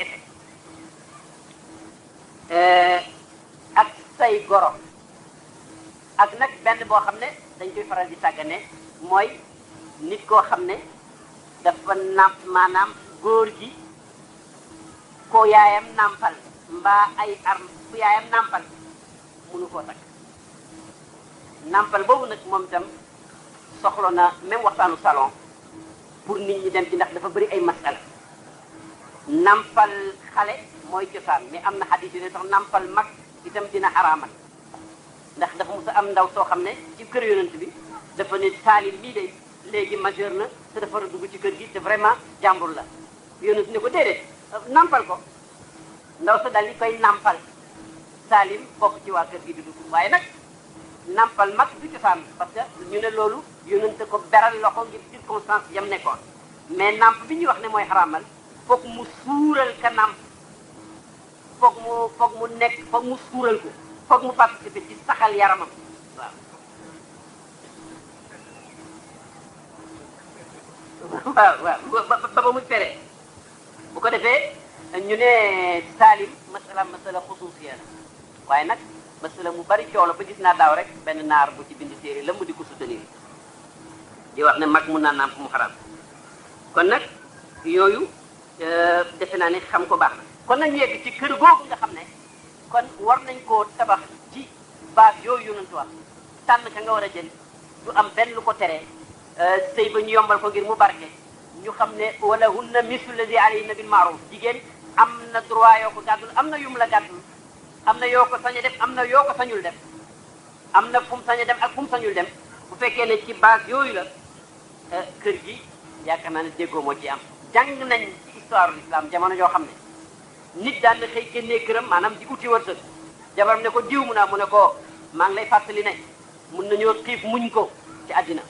eh, ak say goro ak nag benn boo xam ne dañ koy faral di tàggane mooy nit koo xam ne dafa nàmp maanaam góor gi ko yaayam nàmpal mbaa ay arm ku yaayam nàmpal munu koo takk nàmpal boobu nag moom itam soxla na même waxtaanu salon pour nit ñi dem ci ndax dafa bëri ay masala nampal xale mooy cosaan mais am na xadis yu ne sax nampal mag itam dina xaraamal ndax dafa musa am ndaw soo xam ne ci kër yonent bi dafa ne saalim mii de léegi majeur na te dafa dugg ci kër gi te vraiment jàmbur la yonent ne ko teere nampal ko ndaw sa dal di koy nampal saalim bokk ci waa kër gi di waaye nag nampal mag du cosaan parce que ñu ne loolu te ko beral loxo ngir circonstance yam nekkoon mais namp bi ñuy wax ne mooy xaraamal foog mu suural ka namp foog mu foog mu nekk foog mu suural ko foog mu participer ci saxal yaramam waaw waaw waaw ba ba mu fere bu ko defee ñu ne saalim masala masala xusuusiya la waaye nag mës la mu bari coow la ba gis naa daaw rek benn naar bu ci bind téere la mu di ko soutenir di wax ne mag mun naa nàmp mu xaram kon nag yooyu euh, defe naa ne xam ko baax na kon nañ yegg ci kër googu nga xam ne kon war nañ koo tabax ci baax yooyu yonent wax tànn ka nga war a jël du am benn lu ko teree euh, sëy ba ñu yombal ko ngir mu barke ñu xam ne na wala hunna mislu lazi alayhinna bil maaruf jigéen am na droit yoo ko gàddul am na yum la am na yoo ko sañ am na yoo ko sañul def am na fu mu dem ak fu mu sañul dem bu fekkee ne ci base yooyu la eh, kër gi yaakaar naa ne déggoo moo ci am jàng nañ ci histoire l'islam jamono yoo xam ne nit daan na xëy génnee këram maanaam di uti wërsëg jabaram ne ko diw mu naa mu ne ko maa ngi lay fàttali ne mun nañoo xiif muñ ko ci àddina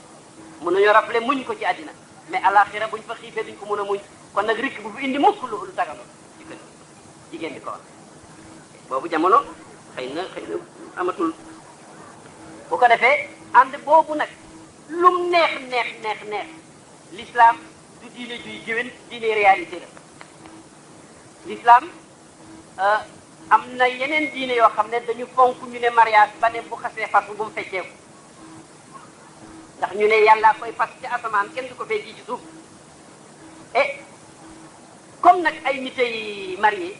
mun nañoo rappelé muñ ko ci àddina mais alaxira buñ fa xiifee duñ ko mun a muñ kon nag rikk bu fi indi mukk lu lu tagalo ci jigéen di ko wax boobu jamono xëy na xëy na amatul boo ko defee ànd boobu nag lum neex neex neex neex lislaam du diine juy géwén diine réalité la l'islam euh, am na yeneen diine yoo xam ne dañu fonk ñu ne mariage ba ne bu xasee fas bu mu fecceeku ndax ñu ne yàlla koy fas ci asamaan kenn du ko fekki ci suuf et eh, comme nag ay nit ay marié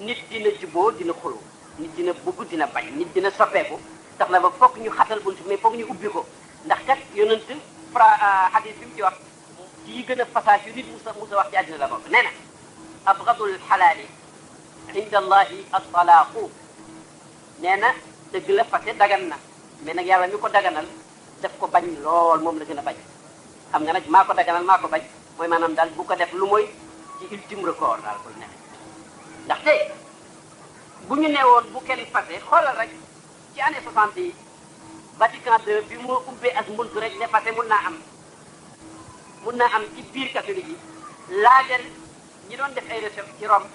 nit dina juboo dina xuloo nit dina bëgg dina bañ nit dina soppeeku tax na ba fokk ñu xatal bunt mais fokk ñu ubbi ko ndax kat yonent fra xadis euh, bi mu ci wax ci gën a passage yu nit musa musa wax ci àddina la bokk nee na abgadul xalaali inda allahi atalaaqu nee na dëgg la fase dagan na mais nag yàlla mi ko daganal daf ko bañ lool moom la gën bañ xam nga nag maa ko daganal maa ko bañ mooy maanaam daal bu ko def lu mooy ci ultime record daal ko ne ndaxte bu ñu newoon bu kenn fase xoolal rek ci année 60 yi Vatican II bi moo ubbee ak mbunt rek ne fase mun naa am mun naa am ci biir catholique yi laajal ñi doon def ay recherche ci Rome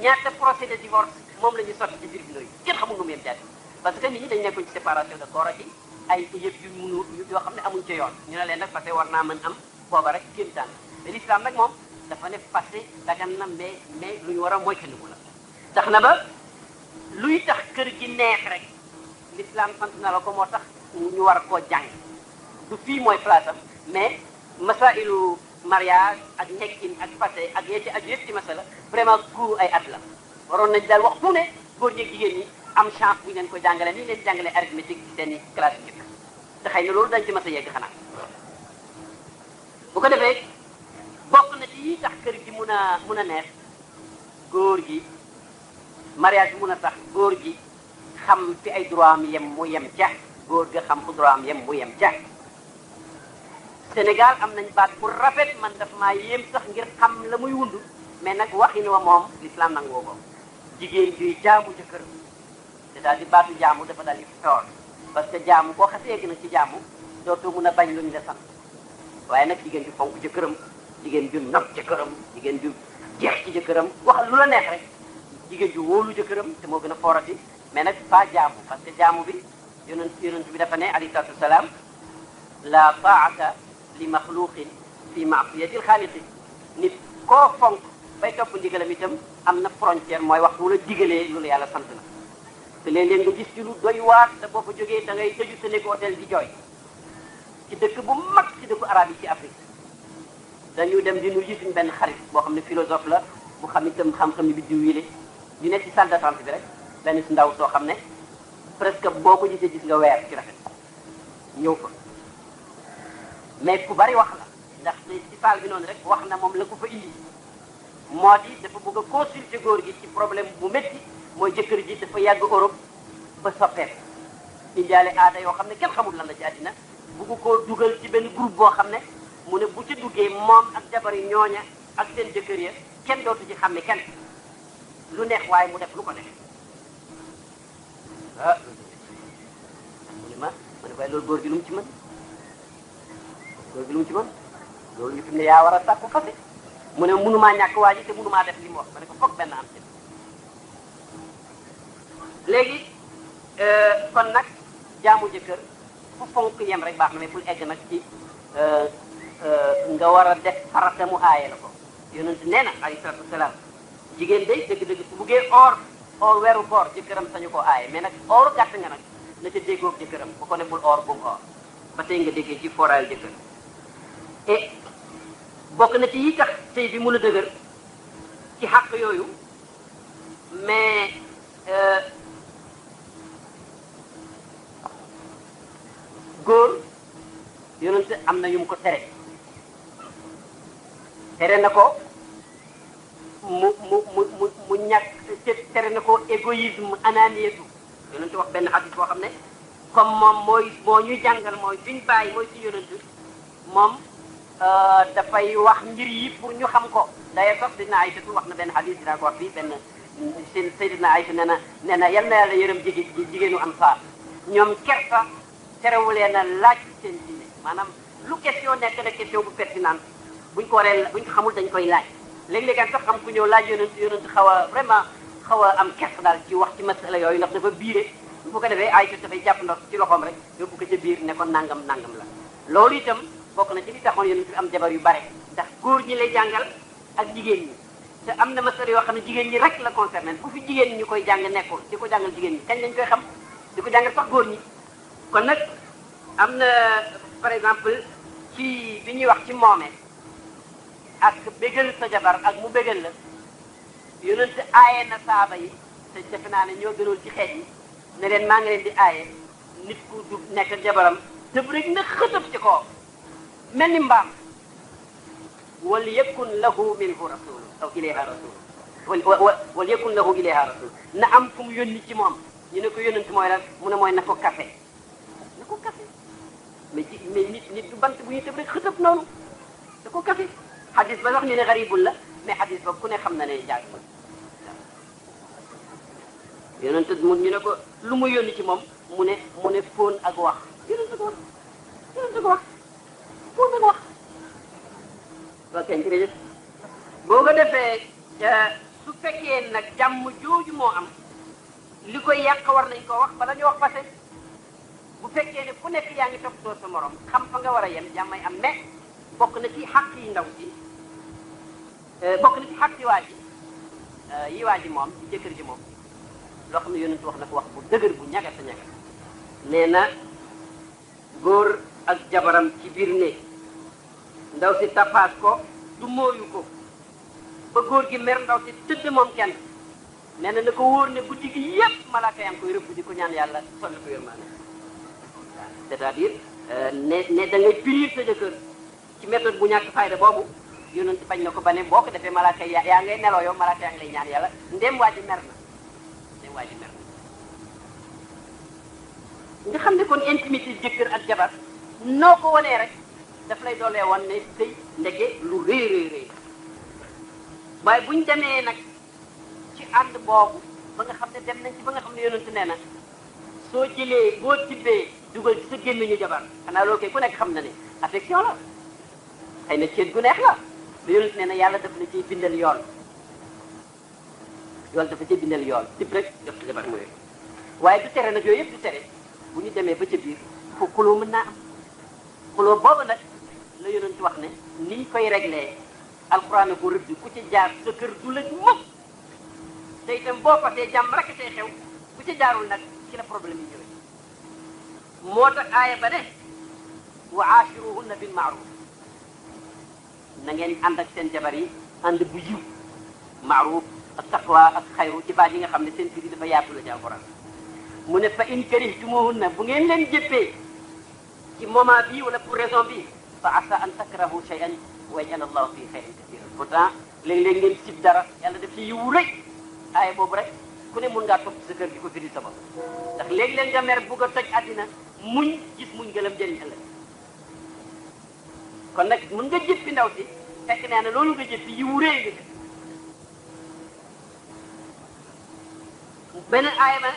ñaata procès de divorce moom la ñu sotti ci biir biro yi kenn xamul nu mu yem jaati parce que nit ñi dañ nekkoon ci séparation de corps yi ay yëf yu munu yoo xam ne amuñ cee yoon ñu ne leen nag fase war naa mën am booba rek kéemtaan mais l'islam nag moom dafa ne fàtte dagan na mais mais lu ñu war a ku la tax na ba luy tax kër gi neex rek l'islam sant na la ko moo tax ñu war koo jàng du fii mooy place am mais masailu mariage ak nekkin ak fàtte ak yee ci aju yëpp ci masala vraiment ku ay at la waroon nañ daal wax mu ne góor ñeeg jigéen ñi am chance bu ñu leen ko jàngalee ni ñu leen jàngalee arithmétique ci seen i classe njëkk te xëy na loolu dañ ci mas a yegg xanaa bu ko defee bokk na ci tax kër gi mun a mun a neex góor gi mariage bi mun a tax góor gi xam fi ay droit yem mu yem ca góor ga xam fu am yem mu yem ca Sénégal am nañ baat bu rafet man daf maa yéem sax ngir xam la muy wund mais nag waxin wa moom l'islam nangoo ko jigéen juy jaamu ca kër c'est-à-dire baatu jaamu dafa daal di toor parce que jaamu boo xasee gën a ci jaamu dootoo mun a bañ luñ la sant waaye nag jigéen ju fonk ca këram jigéen ju nopp jëkkëram jigéen ju jeex ci jëkkëram wax lu la neex rek jigéen ju wóolu jëkkëram te moo gën a foorati mais nag pas jaamu parce que jaamu bi yonent yonent bi dafa ne alayhi salaatu wasalaam la taata li maxluqin fi maasiyati lxaaliqi nit koo fonk bay topp ndigalam itam am na frontière mooy waxtu wu la digalee loolu yàlla sant na te léeg-léeg nga gis ci lu doy waat te boo fa jógee da ngay tëju sa néeg hôtel di jooy ci dëkk bu mag ci dëkku arab yi ci Afrique dañu dem di nuyu suñu benn xarit boo xam ne philosophe la bu xam itam xam-xam ni bi diw yi di nekk ci salle d'attente bi rek benn si ndaw soo xam ne presque boo ko gisee gis nga weer ci rafet ñëw fa mais ku bari wax la ndax ci salle bi noonu rek wax na moom la ko fa indi moo di dafa bëgg a consulter gi ci problème bu métti mooy jëkkër ji dafa yàgg Europe ba soppeeku indiaale aada yoo xam ne kenn xamul lan la ci àddina bëgg koo dugal ci benn groupe boo xam ne mu ne bu ci duggee moom ak jabar yi ñooña ak seen jëkkër ya kenn dootu ci xàmme kenn lu neex waaye mu def lu ko def ah mu ne ma ma ne waaye loolu góor gi lu mu ci mën góor ci mën loolu ñu fi mu ne yaa war a sàkku fase mu ne mënumaa ñàkk waa ji te mënumaa def li mu wax ma ne ko euh, kon nag jaamu jëkkër fu fonk yem rek baax na mais bul egg nag ci euh, Euh, nga war a def farata mu aaye la ko yonent nee na alayhi salaatu wasalaam jigéen day dëgg-dëgg su buggee or or weeru koor jëkkëram sañu ko aaye mais nag or gàtt nga nag na ca déggoog jëkkëram bu ko ne bu mu ba tey nga déggee ci foral jëkkër et bokk na ci yi tax tey bi mun a dëgër ci xàq yooyu mais euh, góor yonent am na yu mu ko tere tere na ko mu mu mu mu mu ñàkk tere na ko égoïsme ananiyatu yonentu wax benn xadis boo xam ne comme moom mooy moo ñuy jàngal mooy suñ bàyyi mooy suñ yonentu moom euh, dafay wax mbir yi pour ñu xam ko daye sax Seydina Aïcha wax na benn xadis dinaa ko wax fii benn Seydina Aïcha nee na nee na yal na yàlla yërëm jigéen jigéenu ansaar ñoom kersa terewulee na laaj seen diine maanaam lu question nekk na question bu pertinente buñ ko waree buñ ko xamul dañ koy laaj léeg-léeg sax xam ku ñëw laaj yonent yonent xaw a vraiment xaw a am kers daal ci wax ci masala yooyu ndax dafa biire bu ko defee ay jot dafay jàpp ndox ci loxoom rek yóbbu ko ca ko nangam nangam la loolu itam bokk na taxoon yonent am jabar yu bare ndax góor ñi lay jàngal ak jigéen ñi te am na masala yoo xam ne jigéen ñi rek la concerné bu fi jigéen ñi ñu koy jàng nekkul di ko jàngal jigéen ñi kañ lañ koy xam di ko jàngal sax góor ñi kon nag am na par exemple ci bi ñuy wax ci moomee ak bégal sa jabar ak mu bégal la yonent aaye na saaba yi te defe naa ne ñoo gënoon ci xeet yi ne leen maa ngi leen di aaye nit ku du nekk jabaram tëb rek na xëtëb ci ko mel ni mbaam wal yakun lahu minhu rasul aw ilayha am fu mu yónni ci moom ñu ne ko yónent mooy lan mu ne mooy na ko kafe na ko kafe nit nit du bant bu ñu tëb rek xëtëb noonu da ko kafe xadis ba sax ñu ne garibul la mais xadis ba ku ne xam na ne jaay ko yonent mu ñu ne ko lu mu yónni ci moom mu ne mu ne fóon ak wax yonent ko wax yonent ko wax fóon ak boo ko defee su fekkee nag jàmm jooju moo am li koy yàq war nañ koo wax bala ñu wax passé bu fekkee ne ku nekk yaa ngi toppatoo sa morom xam fa nga war a yem jàmmay am mais bokk na ci xàq yi ndaw si euh, bokk na ci xàq yi waa ji euh, yi waa ji moom ci jëkkër ji moom loo xam ne yonentu wax na ko wax bu dëgër bu ñagas a ñagas nee na góor ak jabaram ci biir néeg ndaw si tapaas ko ko góor gi mer ndaw si tëdd moom kenn nee na na ko wóor ne guddi gi yépp malaaka koy rëbb di ko ñaan yàlla sonn ko yërmaane c'est-à-dire euh, ne ne da ngay sa jëkkër ci méthode bu ñàkk fayda boobu yonent bañ na ko ba ne boo ko defee malaaka ya yaa ngay neloo yow malaaka yaa ngi lay ñaan yàlla ndem waa ji mer na ndem waa mer na nga xam ne kon intimité jëkkër ak jabar noo ko wanee rek daf lay doolee wan ne sëy ndege lu rëy rëy rëy waaye buñ demee nag ci ànd boobu ba nga xam ne dem nañ ci ba nga xam ne yonent nee na soo jëlee boo tibbee dugal ci sa gémmiñu jabar xanaa loolu kay ku nekk xam na ne affection la xëy na ceet gu neex la lu yonent nee na yàlla daf la ciy bindal yoon yoon dafa ciy bindal yoon tib rek def ci defar mu waaye du tere nag yooyu yëpp du tere bu ñu demee ba ca biir fu xuloo mën naa am xuloo boobu nag la yonent wax ne niñ koy réglé alxuraan ko rëdd ku ci jaar sa kër du la mukk te itam boo fasee jàmm rek tey xew ku ci jaarul nag ci la problème yi ñëwee moo tax aaya ba ne wa aachiruhunna bil maaruf na ngeen ànd ak seen jabar yi ànd bu yiw maaruf ak taqwa ak xayru ci baat yi nga xam ne seen firi dafa yaatu la ci alquran mu ne fa in karihtumuhunna bu ngeen leen jëppee ci moment bi wala pour raison bi fa asa an takrahu shay'an wa yajal allahu fi xayrin kasiran pourtant léeg-léeg ngeen sib dara yàlla def ci yiw rëy aaya boobu rek ku ne mun ngaa kër gi ko firi sa léegi leen nga mer bugg a toj àddina muñ gis muñ gëlam jëriñ kon nag mën nga jëppi ndaw si fekk nee na loolu nga jëppi yi wu réy nga beneen aaya ma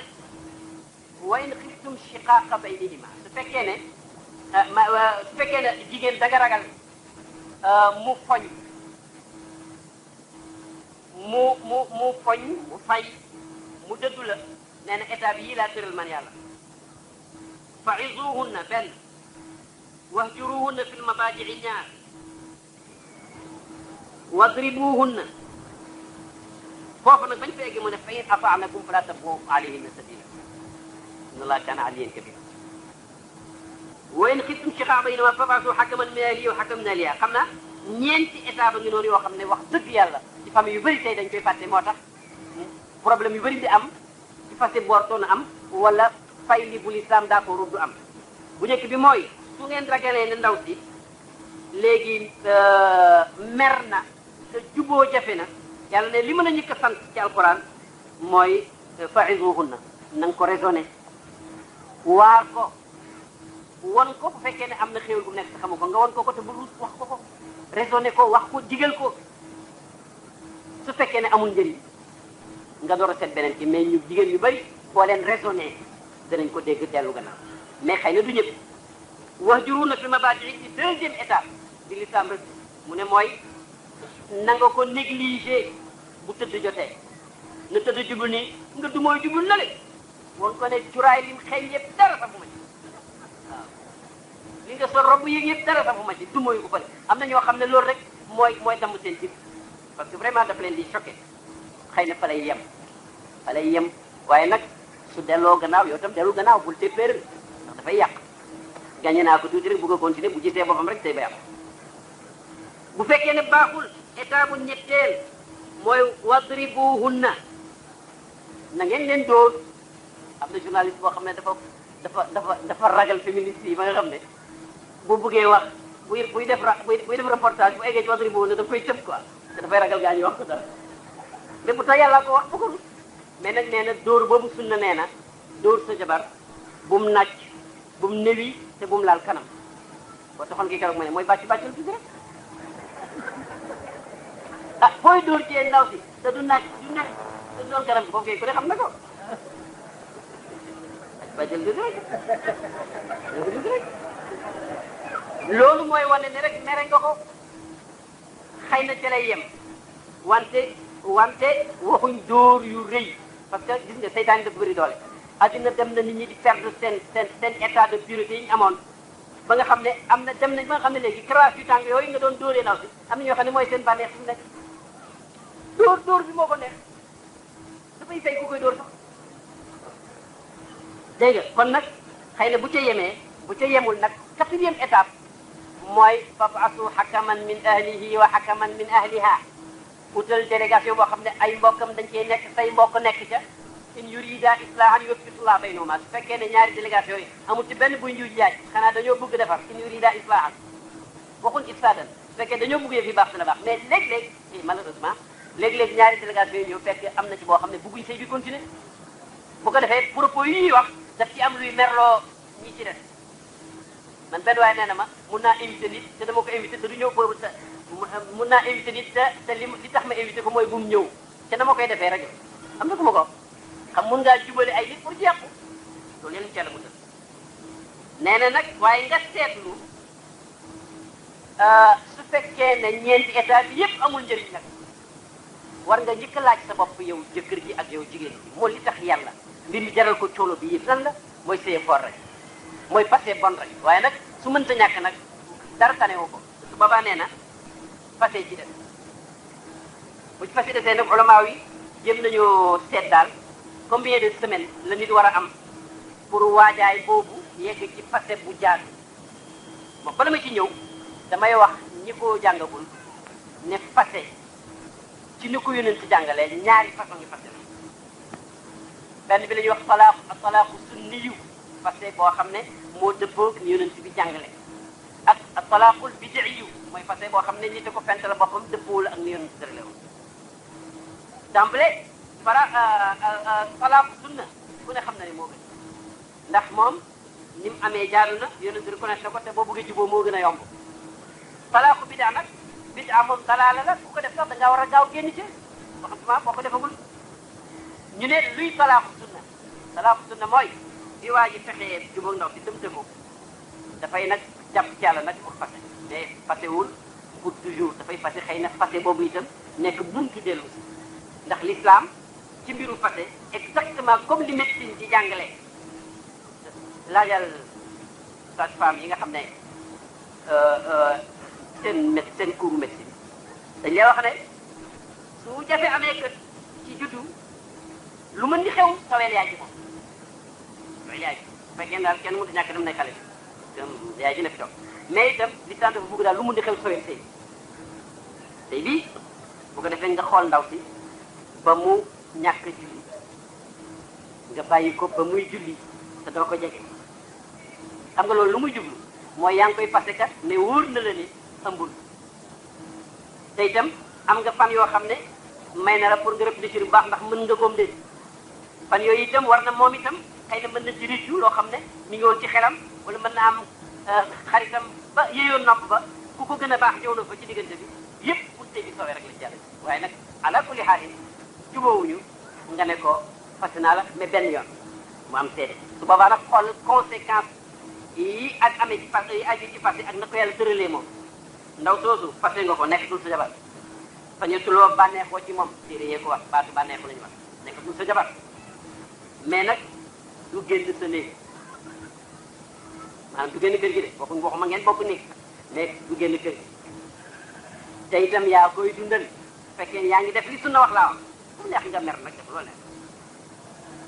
wa in xiftum shiqaaqa baynihima su fekkee ne ah, su fekkee ne jigéen da nga ragal ah, mu foñ mu mu mu foñ fay mu dëddu la nee na état bi man yàlla fa izuhunna benn wahjuruhunna fil mabaaji'i ñaar wadribuhunna foofu nag bañ feegi mu ne fa in ata'nakum fala tabghu alayhinna sabila inna allaha kaana aliyyan kabira wa in xiftum shiqaaqa baynahuma fab'athu hakaman min ahlihi wa hakaman min ahliha xam naa ñeenti état ba ngi noonu yoo xam ne wax dëgg yàlla ci famille yu bëri tey dañ koy fàtte moo tax problème yu bëri di am ci fase boor toon am wala fay li bu lislaam daa ko ruddu am bu njëkk bi mooy bu ngeen ragalee ne ndaw si léegi euh, mer na te juboo jafe na yàlla ne li mën a ñëkk a sant ci alquran mooy euh, fa'izuhunna na nga ko raisonné waar ko wan ko bu fekkee ne am na xéwal bu nekk xamu ko nga won ko ko te bu ruus wax ko ko raisonné ko wax ko digal ko su fekkee ne amul njëriñ nga door a seet beneen ci mais ñu jigéen yu bari boo leen raisonné danañ ko dégg dellu gannaaw mais xëy na du ñëpp wahjuruuna fi mabaadi'i ci deuxième étape bi lislaam rek mu ne mooy na nga ko négligé bu tëdd jotee na tëdd jublu ni nga du mooy jublu na le woon ko ne curaay lim xeeñ yëpp dara sax bu ma ci nga sol robb yi yëpp dara sax bu ma ci du mooy ko fële am na ñoo xam ne loolu rek mooy mooy damm seen jib parce que vraiment daf leen di choqué xëy na fa lay yem fa lay yem waaye nag su delloo gannaaw yow tam dellu gannaaw bul te péer ndax dafay yàq gañe naa ko tuuti rek bugg a continuer bu gisee boppam rek tey ba bu fekkee ne baaxul état bu ñetteel mooy wadribuhunna na ngeen leen dóor am na journaliste boo xam ne dafa dafa dafa dafa ragal féministe yi ba nga xam ne bu buggee wax buy buy def buy def reportage bu eggee ci wadribuhunna daf koy tëb quoi te dafay ragal gaa ñu wax ko dara bu tax ko wax bu ko mais nag nee na dóor boobu sunna nee na dóor sa jabar bum nàcc bu mu nëwi te bu laal kanam boo taxoon kii keroog ma mooy bàcc bàccal tuuti ah, booy dóor ci ndaw si te du naaj du naaj te doon kanam boobu kay ku ne xam na ko bàccal tuuti rek tuuti loolu mooy wane ne rek nga ko xëy na ca yem wante wante waxuñ dóor yu rëy parce que gis nga seytaan dafa bëri doole àddina dem na nit ñi di perdre seen seen seen état de pureté yi ñu amoon ba nga xam ne am na dem nañ ba nga xam ne léegi crasse yu tàng yooyu nga doon dóoree ndaw si am na ñoo xam ne mooy seen bànneex fi bi moo ko nekk dafay fay ku ko dóor sax dégg kon nag xëy na bu ca yemee bu ca yemul nag quatrième étape mooy fabasu xakaman min ahlihi wa xakaman min ahliha utal délégation boo xam ne ay mbokkam dañ koy nekk say mbokk nekk ca in yurida islahan yuwaffiqillah baynahuma su fekkee ne ñaari délégation yi amul ci benn buy njuuj yaay xanaa dañoo bëgg defar in yurida islahan waxuñ ifsadan su fekkee dañoo bëgg yëf yi baax dana baax mais léeg-léeg eh, malheureusement léeg-léeg ñaari délégation yi ñëw fekk am na ci boo xam ne bëgguñ sëy bi continuer bu ko defee propos yi ñuy wax daf ci am luy merloo ñi ci def man benn waaye nee na ma mun naa invité nit te dama ko invité te ñëw boobu te mun naa invité te te li tax ma invité ko mooy bu mu ñëw te dama koy defee rajo am na ku ma ko xam mun ngaa jubale ay nit pour jeexu loolu yéen ca la mu def nee nag waaye nga seetlu euh, su fekkee ne ñeenti état bi yépp amul njëriñ nag war nga njëkk laaj sa bopp yow jëkkër ji ak yow jigéen ji moo li tax yàlla mbir mi jaral ko coolo bi yëpp lan la mooy sëye for rek mooy passé bon rek waaye nag su mënta ñàkk nag dara tanewoo ko su boobaa nee na passé ci des bu ci passé nag ulama yi jéem nañoo seet daal combien de semaines la nit war a am pour waajaay boobu yegg ci pase bu jaadu bon bala ci ñëw damay wax ñi ko jàngagul ne pase ci ni ko yonent jàngalee ñaari façon yi pase la benn bi la ñuy wax talaaku ak talaaku sunni yu pase boo xam ne moo dëppoog ni yonent bi jàngale ak ak talaakul bid'i yu mooy pase boo xam ne nit ko fent la boppam dëppoowul ak ni yonent tërale woon d'emblée para talaaq euh, euh, euh, sunna ku ne xam na ne moo ndax moom ni mu amee jaadu na yonent bi reconnaître na ko te boo bëggee juboo moo gën a yomb talaaqu bidaa nag bidaa moom dalaala la ku ko def sax da war a gaaw génn ci waxatuma boo ko defagul ñu ne luy talaaqu sunna talaaqu sunna mooy bi waa ji fexee jubóog ndaw si te ko dafay nag jàpp ci nag pour fase mais fasewul pour toujours dafay fase xëy na fase boobu itam nekk buntu dellu si ndax l'islam ci mbiru fase exactement comme li médecine di jàngale laajal sage-femme yi nga xam ne euh, euh, seen mé seen kuuru médecine dañ lay wax ne su jafe amee kër ci juddu lu mën di xew taweel yaay ji ko taweel yaay daal kenn mënut a ñàkk dem nay xale bi yaay ji na fi toog mais itam li tànn dafa daal lu mën di xew taweel sëy sëy bi bu ko defee nga xool ndaw si ba mu ñàkk julli nga bàyyi ko ba muy julli te doo ko jege xam nga loolu lu muy jublu mooy yaa ngi koy fase kat ne wóor na la ne ëmbul te itam am nga fan yoo xam ne may na la pour nga réfléchir bu baax ndax mën nga góom de fan yooyu itam war na moom itam xëy na mën na ci riccu loo xam ne mi ngi woon ci xelam wala mën na am euh, xaritam ba yéyoon nopp ba ku ko gën a baax ñëw na fa ci diggante bi yépp bu tey soowee rek la ci yàlla waaye nag ala kulli jubóowuñu nga ne ko fase naa la mais benn yoon mu am seede su boobaa nag xool conséquence yi ak amee ci fas yi aju ci fas ak na ko yàlla tëralee moom ndaw soosu fase nga ko nekkatul sa jabar fañu tuloo bànneexoo ci moom téere yee ko wax baatu bànneexu lañu wax nekkatul sa jabar mais nag du génn sa néeg maanaam kër gi de waxuñ waxuma ngeen bokk néeg mais du génn kër gi te itam yaa koy dundal fekkee yaa ngi def li sunna wax laa wax bu neex nga mer nag def loo neex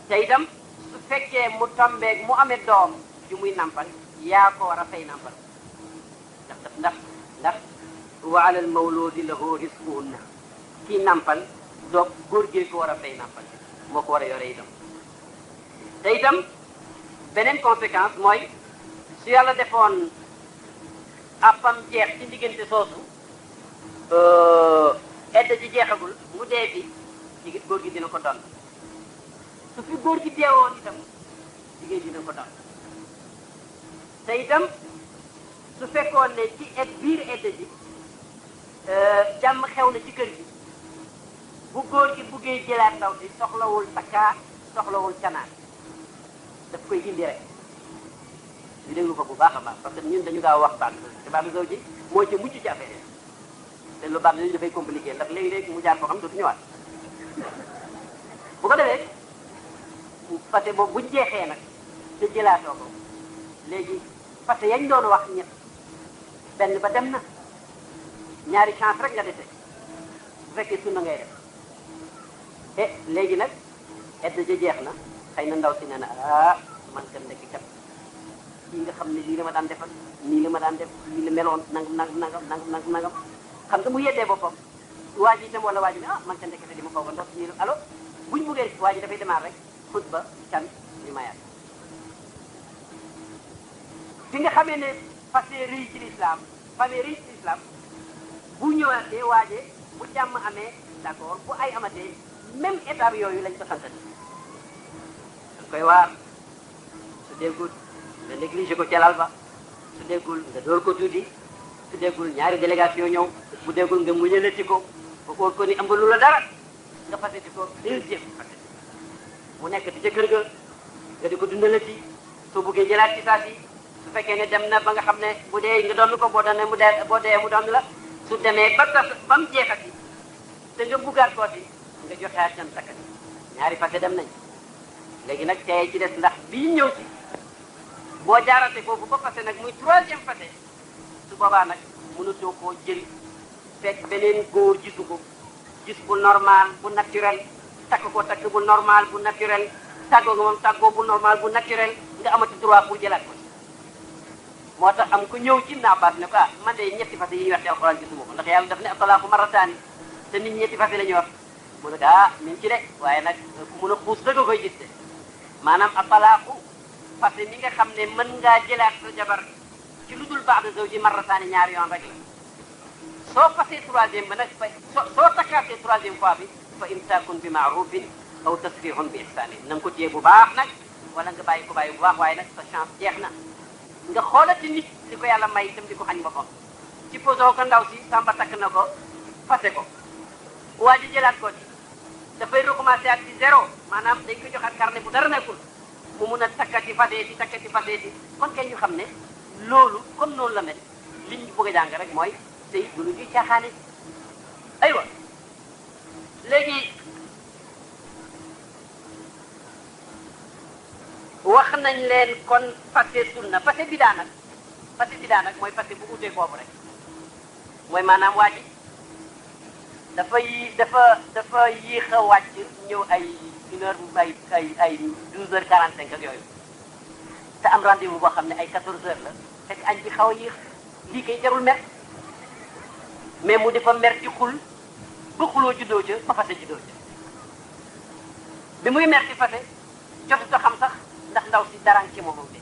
te su fekkee mu tombeeg mu amee doom ju muy nampal yaa ko war a fay nampal ndax ndax ndax wa alal mawludi lahu risquhunna kii nampal donc góor gi ko war a fay nampal moo ko war a yore itam te itam beneen conséquence mooy su yàlla defoon àppam jeex ci diggante soosu euh, edda ji jeexagul mu dee bi jigéen góor gi dina ko doon su fi góor gi deewoon itam jigéen dina ko doon te itam su fekkoon ne ci et biir été ji euh, jàmm xew na ci kër gi bu góor gi buggee jëlaat ndaw di soxlawul takkaa soxlawul canaan daf koy indi rek ñu déglu ko bu baax a baax parce que ñun dañu gaaw wax baat te baatu sow ji moo ci mucc ci affaire te lu baat yooyu dafay compliqué ndax léegi-léegi mu jaar ko xam dootu ñëwaat bu ko defee fase boobu bu jeexee nag te jëlaatoo ko léegi fase yañ doon wax ñett benn ba dem na ñaari chance rek nga dese bu fekkee sunna ngay def e léegi nag edd ja jeex na xëy na ndaw si ne na ah man kan ndekk kat kii nga xam ni lii la ma daan defal nii la ma daan def lii la meloon nangam nangam nangam nangam nangam xam nga mu yeddee boppam waa ji dem wala waa ji ne ah man ca ndekete di ma foogoon ndox ñii alors buñ buggee waa ji dafay démarrer rek xutba can ñu mayaat fi nga xamee ne passé rëy ci l'islam passé rëy ci l'islam bu ñëwaatee waaje bu jàmm amee d'accord bu ay amatee même étape yooyu lañ ko santati dañ koy waar su déggul nga négligé ko calal ba su déggul nga dóor ko tuuti su déggul ñaari délégation ñëw bu déggul nga muñalati ko ba óor ko ni ambalu la dara nga fàttali ko deuxième fàttali mu nekk di ca kër ga nga di ko dundale ci soo buggee jëlaat ci saa si su fekkee ne dem na ba nga xam ne bu dee nga doon ko boo doon mu dee boo dee mu doon la su demee ba tas ba mu jeexati te nga buggaat kooti nga joxe ak seen takk ñaari fàtte dem nañ léegi nag tey ci des ndax bii ñëw ci boo jaarate foofu ba fase nag muy troisième fase su boobaa nag mënatoo koo jëriñ fekk beneen góor gisu ko gis bu normal bu naturel takk ko takk bu normal bu naturel tàggoo nga moom tàggoo bu normal bu naturel nga amati droit pour jëlaat ko moo tax am ku ñëw ci naabaat ne ko ah man de ñetti fas yi ñuy wax ci alxuraan gisuma ko ndax yàlla daf ne atalaaku marrataani te nit ñetti fas yi la ñuy wax mu ne ko ah min ci de waaye nag ku mën a xuus dëgg koy gis de maanaam atalaaku fas yi nga xam ne mën ngaa jëlaat sa jabar ci lu dul baax na sow ji ñaari yoon rek soo fasee troisième ba nag fa soo takkaatee troisième fois bi fa imsaakun bi maarufin aw tasrihun bi ihsaanin na nga bu baax na wala nga bàyyi ko bàyyi bu waaye nag sa chance jeex na nga xoolati nit li ko yàlla may itam di ko xañ boppam ci posoo ko ndaw si samba takk na ko fase ko waa ji jëlaat ko ci dafay recommencer at ci zéro maanaam dañ ko joxaat carnet bu dara na nekkul mu mun a takkati faseeti takkati faseeti kon kay ñu xam ne loolu kon noonu la mel li bëgg a jàng rek mooy te it mënuñu caaxaane aywa léegi wax nañ leen kon fase sunna fase bidaa nag fase bidaa nag mooy fase bu utee boobu rek mooy maanaam waa ji dafa yi dafa dafa yéex a wàcc ñëw ay une bu ay ay ay douze heures quarante cinq yooyu te am rendez-vous boo xam ne ay quatorze heures la fekk añ bi xaw a yéex lii kay jarul mer mais mu di fa mer ci xul ba xuloo juddoo ca ba fase juddoo ca bi muy mer ci fase jotut a xam sax ndax ndaw si daraan ci moomam de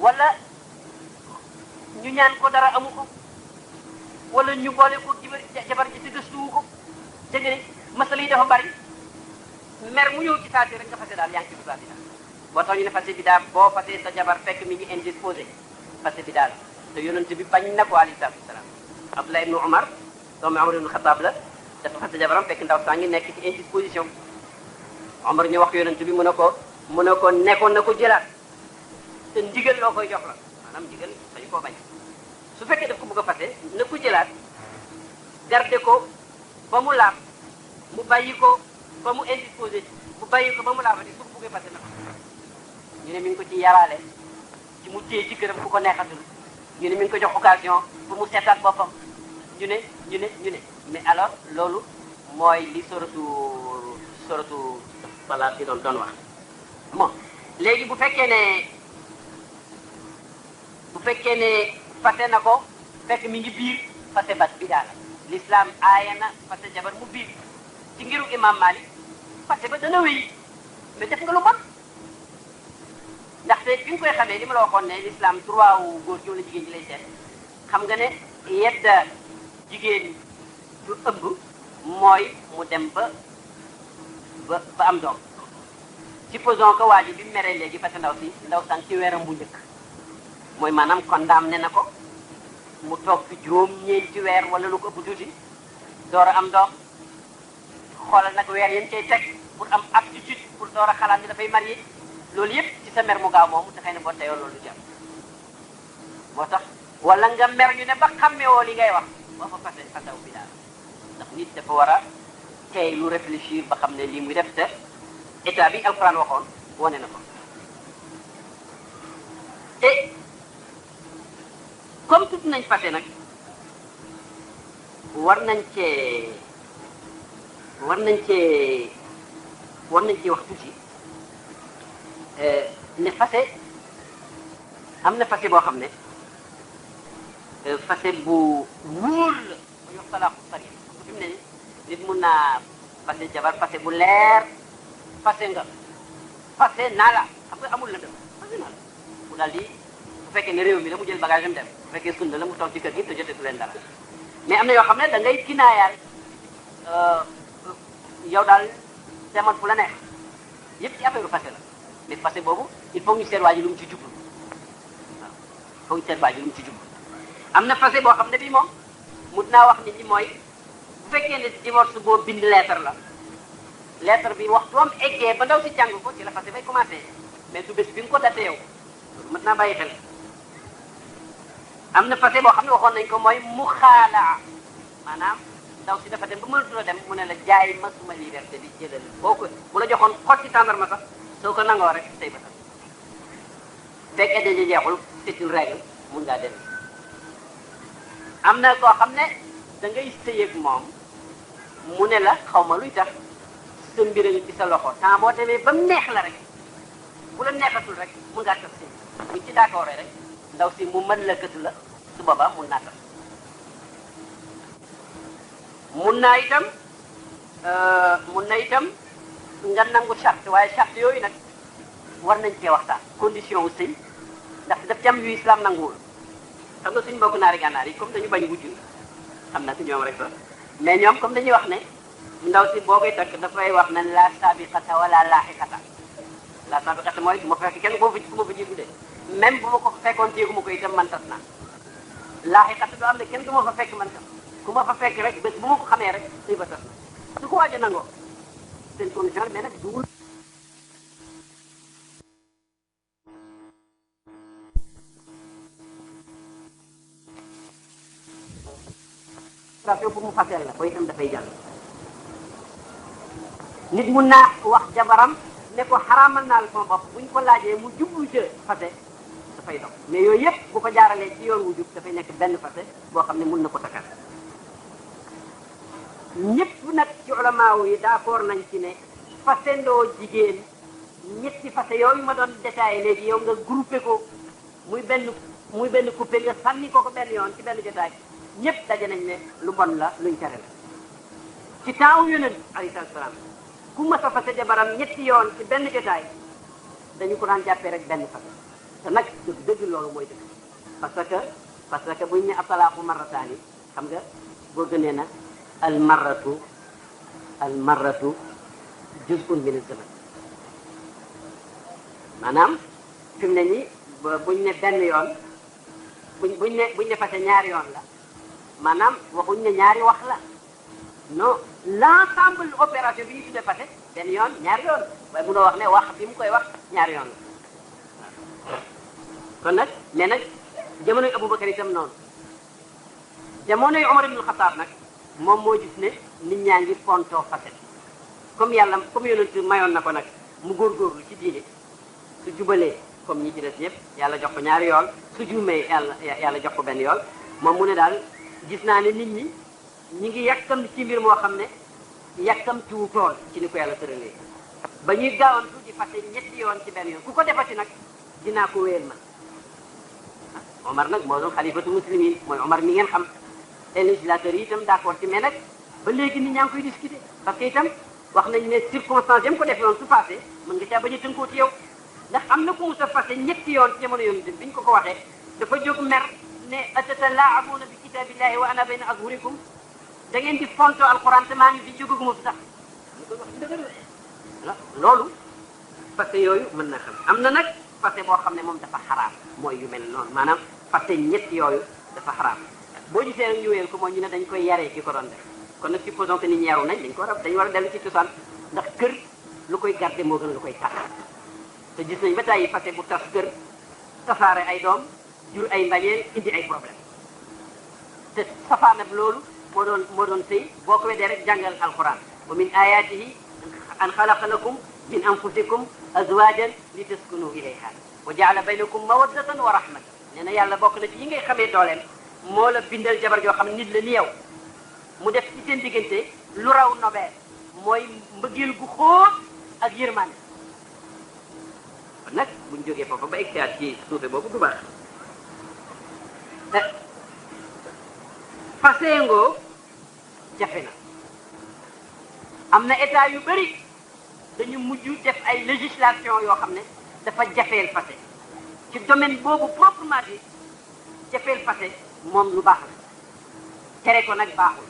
wala ñu ñaan ko dara amu ko ñu boole ko jabar ji te gëstuwu ko dégg nga ni masala yi dafa bari mer mu ñëw ci saa si rek nga fase daal yaa ngi ci bidaa bi daal boo ñu ne bi daal boo fasee sa jabar fekk mi ngi indisposé fase bi daal te yonent bi bañ na ko alayhi salaatu wasalaam Abdullah ibn Umar doomu Umar ibn Xataab la dafa fas jabaram fekk ndaw saa ngi nekk ci indisposition Umar ñu wax yonent bi mu ne ko mu ne ko nekkoon na ko jëlaat te ndigal loo koy jox la maanaam ndigal dañu koo bañ su fekkee daf ko bëgg a fase na ko jëlaat garde ko ba mu laab mu bàyyi ko ba mu indisposé mu bàyyi ko ba mu laabati su ko bëggee fase na ko ñu ne mi ngi ko ci yalaale ci mu téye ci këram ku ko neexatul ñu ne mi ngi ko jox occasion pour mu seetaat boppam ñu ne ñu ne ñu ne mais alors loolu mooy li soratu soratu balaa si doon doon wax bon léegi bu fekkee ne bu fekkee ne fase na ko fekk mi ngi biir fase bat bi daal l'islam aaya na fase jabar mu biir ci ngiru imam Malik fase ba dana wéy mais def nga lu bon ndaxte bi nga koy xamee li ma la waxoon ne l'islam droit wu góor ji wala jigéen ji lay seet xam nga ne yedda jigéen du ëmb mooy mu dem ba ba am doom supposons que waa ji meree léegi parce que ndaw si ndaw sànq ci weeram bu njëkk mooy maanaam condamné na ko mu toog fi juróom ñeenti weer wala lu ko ëpp tuuti door am doom xoolal nag weer yéen cay teg pour am aptitude pour door a xalaat ni dafay marié loolu yëpp ci sa mer mu te moomu dafay ne boo teyoo loolu du moo tax wala nga mer ñu ne ba xàmmewoo li ngay wax boo fa fase bi daal ndax nit dafa war a tey lu réfléchir ba xam ne lii muy def te état bi alxuraan waxoon wane na ko te comme tudd nañ fase nag war nañ cee war nañ cee war nañ cee wax tuuti Euh, ne fase am na fase boo xam ne euh, fase bu wóor la bu yox talaaku sarif fi mu ne nit mun naa fase jabar fase bu leer fase nga fase naa la xam nga amul la dem fase naa la mu daal di bu fekkee ne réew mi la mu jël bagage am dem bu fekkee sunna la mu toog ci kër gi te jotetu leen dara mais am na yoo xam ne da ngay kinaayaal euh, yow daal demal fu la neex yëpp ci affaire fase la mais parce que boobu il faut ñu seet waa lu mu ci jublu waaw il faut ñu ci jublu am na fase boo xam ne bii moom mun naa wax nit ñi mooy bu fekkee ne divorce boo bind lettre la lettre bi wax doom eggee ba ndaw si jàng ko ci la fase bay commencé mais du bés bi nga ko daté yow mën naa bàyyi xel am na fase boo xam ne waxoon nañ ko mooy mu xaalaa maanaam ndaw si dafa dem ba mënatu la dem mu ne la jaay ma suma liberté bi jëlal boo ko bu la joxoon xotti tàndarma sax soo ko nangoo rek tey ba tax fekk edda ji jeexul c'est une mun ngaa dem am na koo xam ne da ngay sëyeeg moom mu ne la xaw ma luy tax sa mbir a sa loxo temps boo demee ba mu neex la rek bu la neexatul rek mun ngaa tas sëy buñ ci d'accord rek ndaw si mu mën la kët la su boobaa mun naa tas mun naa itam euh, mun na itam nga nangu charte waaye charte yooyu nag war nañ cee waxtaan condition wu sëy ndax daf ci am yu islam nanguwul xam nga suñ mbokk naari gànnaar yi comme dañu bañ wujju xam na si ñoom rek la mais ñoom comme dañuy wax ne ndaw si boo koy takk dafay wax ne la sabiqata wala laaxiqata la sabiqata mooy su fekk kenn boo fi ku ma fa jiitu de même bu ma ko fekkoon jéegu ma koy itam man tas naa laaxiqata du am ne kenn du ma fa fekk man tas ku ma fa fekk rek bés bu ma ko xamee rek suñu ko tas na su personalizar meras duas. pour mu fase la koy am dafay jàll nit mun naa wax jabaram ne ko xaraamal naa la sama bu buñ ko laajee mu jublu ca fase dafay dox mais yooyu yëpp bu ko jaaralee ci yoon wu jub dafay nekk benn fase boo xam ne mun na ko takkal ñëpp nag ci ulamaaw yi d'accord nañ ci ne fasendoo jigéen ñetti fase yooyu ma doon détaillé léegi yow nga groupé ko muy benn muy benn coupé nga sànni ko ko benn yoon ci benn jotaay ñëpp daje nañ ne lu bon la luñ tere la ci taaw yonent alayhi salaam ku mas a fase jabaram ñetti yoon ci benn jotaay dañu ko daan jàppee rek benn fase te nag dëgg dëgg loolu mooy dëgg parce que parce que bu buñ ne atalaaku marrataani xam nga boo gënee na almarratu almarratu juz'un min az-zaman maanaam fi ne ni buñ ne benn yoon buñ ne buñ ne ñaari yoon la maanaam waxuñ ne ñaari wax la non l'ensemble opération bi ñu tuddee fase benn yoon ñaari yoon waaye mënoo wax ne wax bi mu koy wax ñaari yoon la kon nag mais nag jamonoy Abubakar itam noonu jamonoy Umar ibn Xattaab nag moom moo gis ne nit ñaa ngi fontoo facette comme yàlla comme yonent mayoon na ko nag mu góor góorgóorlu ci diine su jubalee comme ñi ci des ñëpp yàlla jox ko ñaari yoon su juumee yàlla yàlla jox ko benn yool moom mu ne daal gis naa ne nit ñi ñi ngi yàkkam ci mbir moo xam ne yàkkam ci wutoon ci ni ko yàlla tëralee ba ñuy gaawantu di fàtte ñetti yoon ci benn yoon ku ko defati nag dinaa ko wéel ma Omar nag moo doon xalifatu muslimin mooy Omar mi et législateurs yi itam d' accord ci mais nag ba léegi ni ñaa ngi koy discuter parce que tam wax nañ ne circonstance yam ko defee woon su passé mën nga caa bañ a tënkoo ci yow ndax am na ku mu sa passé ñetti yoon ci jamono yoon bi ñu ko ko waxee dafa jóg mer ne atatalaabuuna bi kitaabillahi wa ana bayna azhurikum da ngeen di fonto alquran te maa ngi fi jógaguma fi sax ñu koy wax dëgg loolu passé yooyu mën na xam am na nag passé boo xam ne moom dafa xaraam mooy yu mel noonu maanaam passé ñett yooyu dafa xaraam boo gisee nag ñu ko moo ñu ne dañ koy yaree ki ko doon def kon nag ñi yaru nañ dañ ko war a dañ war a dellu ci cosaan ndax kër lu koy garder moo gën lu koy tas te gis nañ ba tàyyi passé bu tas kër tasaare ay doom jur ay mbañeel indi ay problème te safaanab loolu moo doon moo doon sëy boo ko rek jàngal alquran wa min ayatihi an xalaqa lakum min anfusikum azwajan li taskunu ilayha wa jaala baynakum mawaddatan wa rahmatan nee na yàlla bokk na ci yi ngay xamee dooleem moo la bindal jabar yoo xam ne nit la ni yow mu def ci seen diggante lu raw nobel mooy mbëggeel gu xóot ak yërmande nag nag buñ jógee foofu ba egsiwaat ci suufe boobu du baax ngoo jafe na am na état yu bëri dañu mujj def ay législation yoo xam ne dafa jafeel fase ci domaine boobu proprement dit jafeel fase moom lu baax la tere ko nag baaxul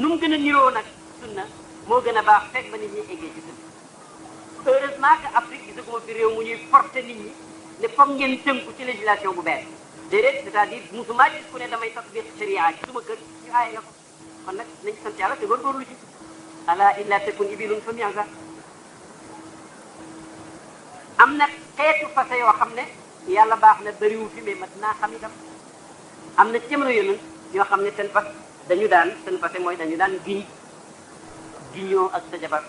nu mu gën a niroo nag sunna moo gën a baax fekk ba nit ñi eggee ci sunna heureusement que Afrique gisaguma fi réew mu ñuy forcé nit ñi ne foog ngeen tënku ci législation bu bees déedéet c'est-à-dire musuma gis ku ne damay tatbiq sharia ci ma kër ñu aaye la ko kon nag nañ sant yàlla te góorgóorlu ci ala illa takun ibilun fa am na xeetu fase yoo xam ne yàlla baax na bëriwu fi mais mat naa xam itam am na ci jamono yonent ñoo xam ne ten fas dañu daan ten seen fase mooy dañu daan giñ giñoo ak sa jabar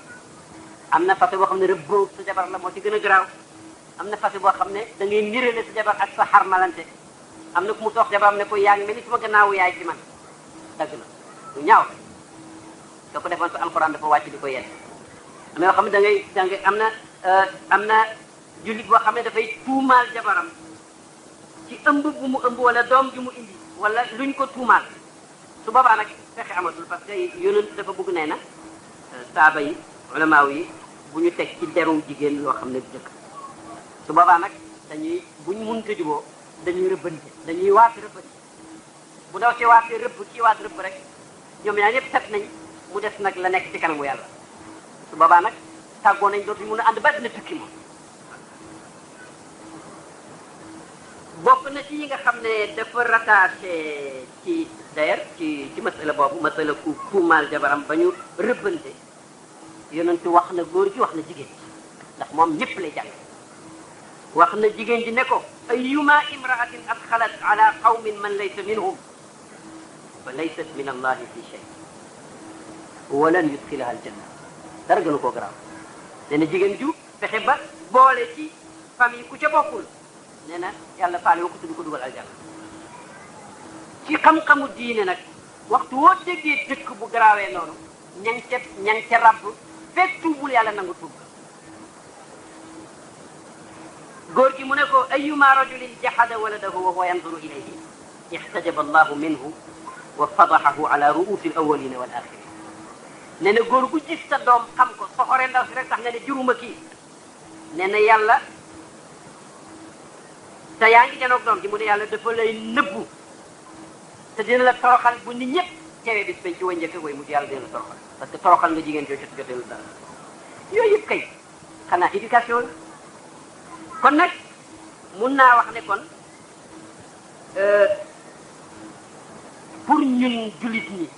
am na fase boo xam ne rëbboo sa jabar la moo ci gën a garaaw am na fase boo xam ne da ngay nirale sa jabar ak sa xarmalante am na ku mu toox am ne ko yaa ngi mel ni sama gannaaw yaay ci man dagg la lu ñaaw soo ko defoon sa alxuraan dafa wàcc di ko yedd am na yoo xam ne da ngay am na euh, am na jullit boo xam ne dafay tuumaal jabaram ci ëmb bu mu ëmb wala doom ju mu indi walla lu luñ ko tuumaal su boobaa nag fexe amatul parce que yonent dafa bëgg nee na euh, saaba yi ulamaaw yi bu ñu teg ci deru jigéen yoo xam ne bu jëkk su boobaa nag dañuy buñ munta juboo dañuy rëbbante dañuy waat rëbbante bu daw ci waatee rëbb kii waat rëbb rek ñoom ñaar yëpp set nañ mu des nag la nekk ci kanamu yàlla su boobaa nag tàggoo nañ dootuñ mun a ànd ba dina tukki moom bokk na ci yi nga xam ne dafa rattaché ci d'ailleurs ci ci masala boobu masala ku tuumaal jabaram ba ñu rëbbante yonentu wax na góor ji wax na jigéen ji ndax moom ñëpp lay wax na jigéen ji ne ko ayuma imraatin adxalat ala qawmin man laysa minhum fa laysat min allahi fi shay walan yudxilaha aljanna dara gënu koo jigéen ju fexe ba boole ci famille ku ca bokkul nee na yàlla faale wu ko tudd ko dugal aljanna ci xam-xamu diine nag waxtu woo déggee dëkk bu garaawee noonu ña ngi ca ña ngi ca rabb fekk tuubul yàlla nangu tuub góor gi mu ne ko ayuma rajulin jahada waladahu wa huwa yanzuru ilayhi ixtajaba allahu minhu wa fadaxahu ala ruusi al awalina wal axirin nee na góor gu gis sa doom xam ko soxore ndaw si rek tax nga ne juruma kii nee na yàlla te yaa ngi janoog doom ji mu ne yàlla dafa lay nëbbu te dina la toroxal bu nit ñëpp teewee bis bañ ci way njëkk koy mujj yàlla dina la toroxal parce que toroxal nga jigéen jooju jotee lu dara yooyu yëpp kay xanaa éducation kon nag mun naa wax ne kon euh, pour ñun jullit ñi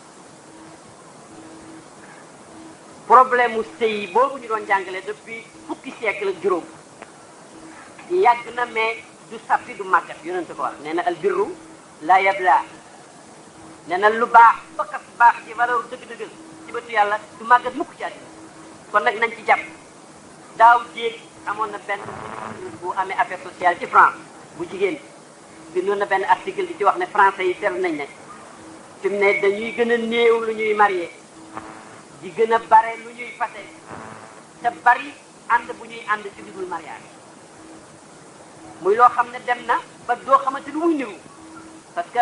problème mu sëy boobu ñu doon jàngale depuis fukki siècle ak juróom yàgg na mais. du sàppi du màggat yonente ko wax nee na albirru la yabla nee na lu baax fakkat baax ci valeur dëgg-dëggal ci bëtu yàlla du màggat mukk ci àddina kon nag nañ ci jàpp daaw jéeg amoon na benn bu amee affaire sociale ci France bu jigéen bindoon na benn article di ci wax ne français yi seetlu nañ ne fi ne dañuy gën a néew lu ñuy marié di gën a bare lu ñuy fase te bari ànd bu ñuy ànd ci dugul mariage muy loo xam ne dem na ba doo xamante lu muy niru parce que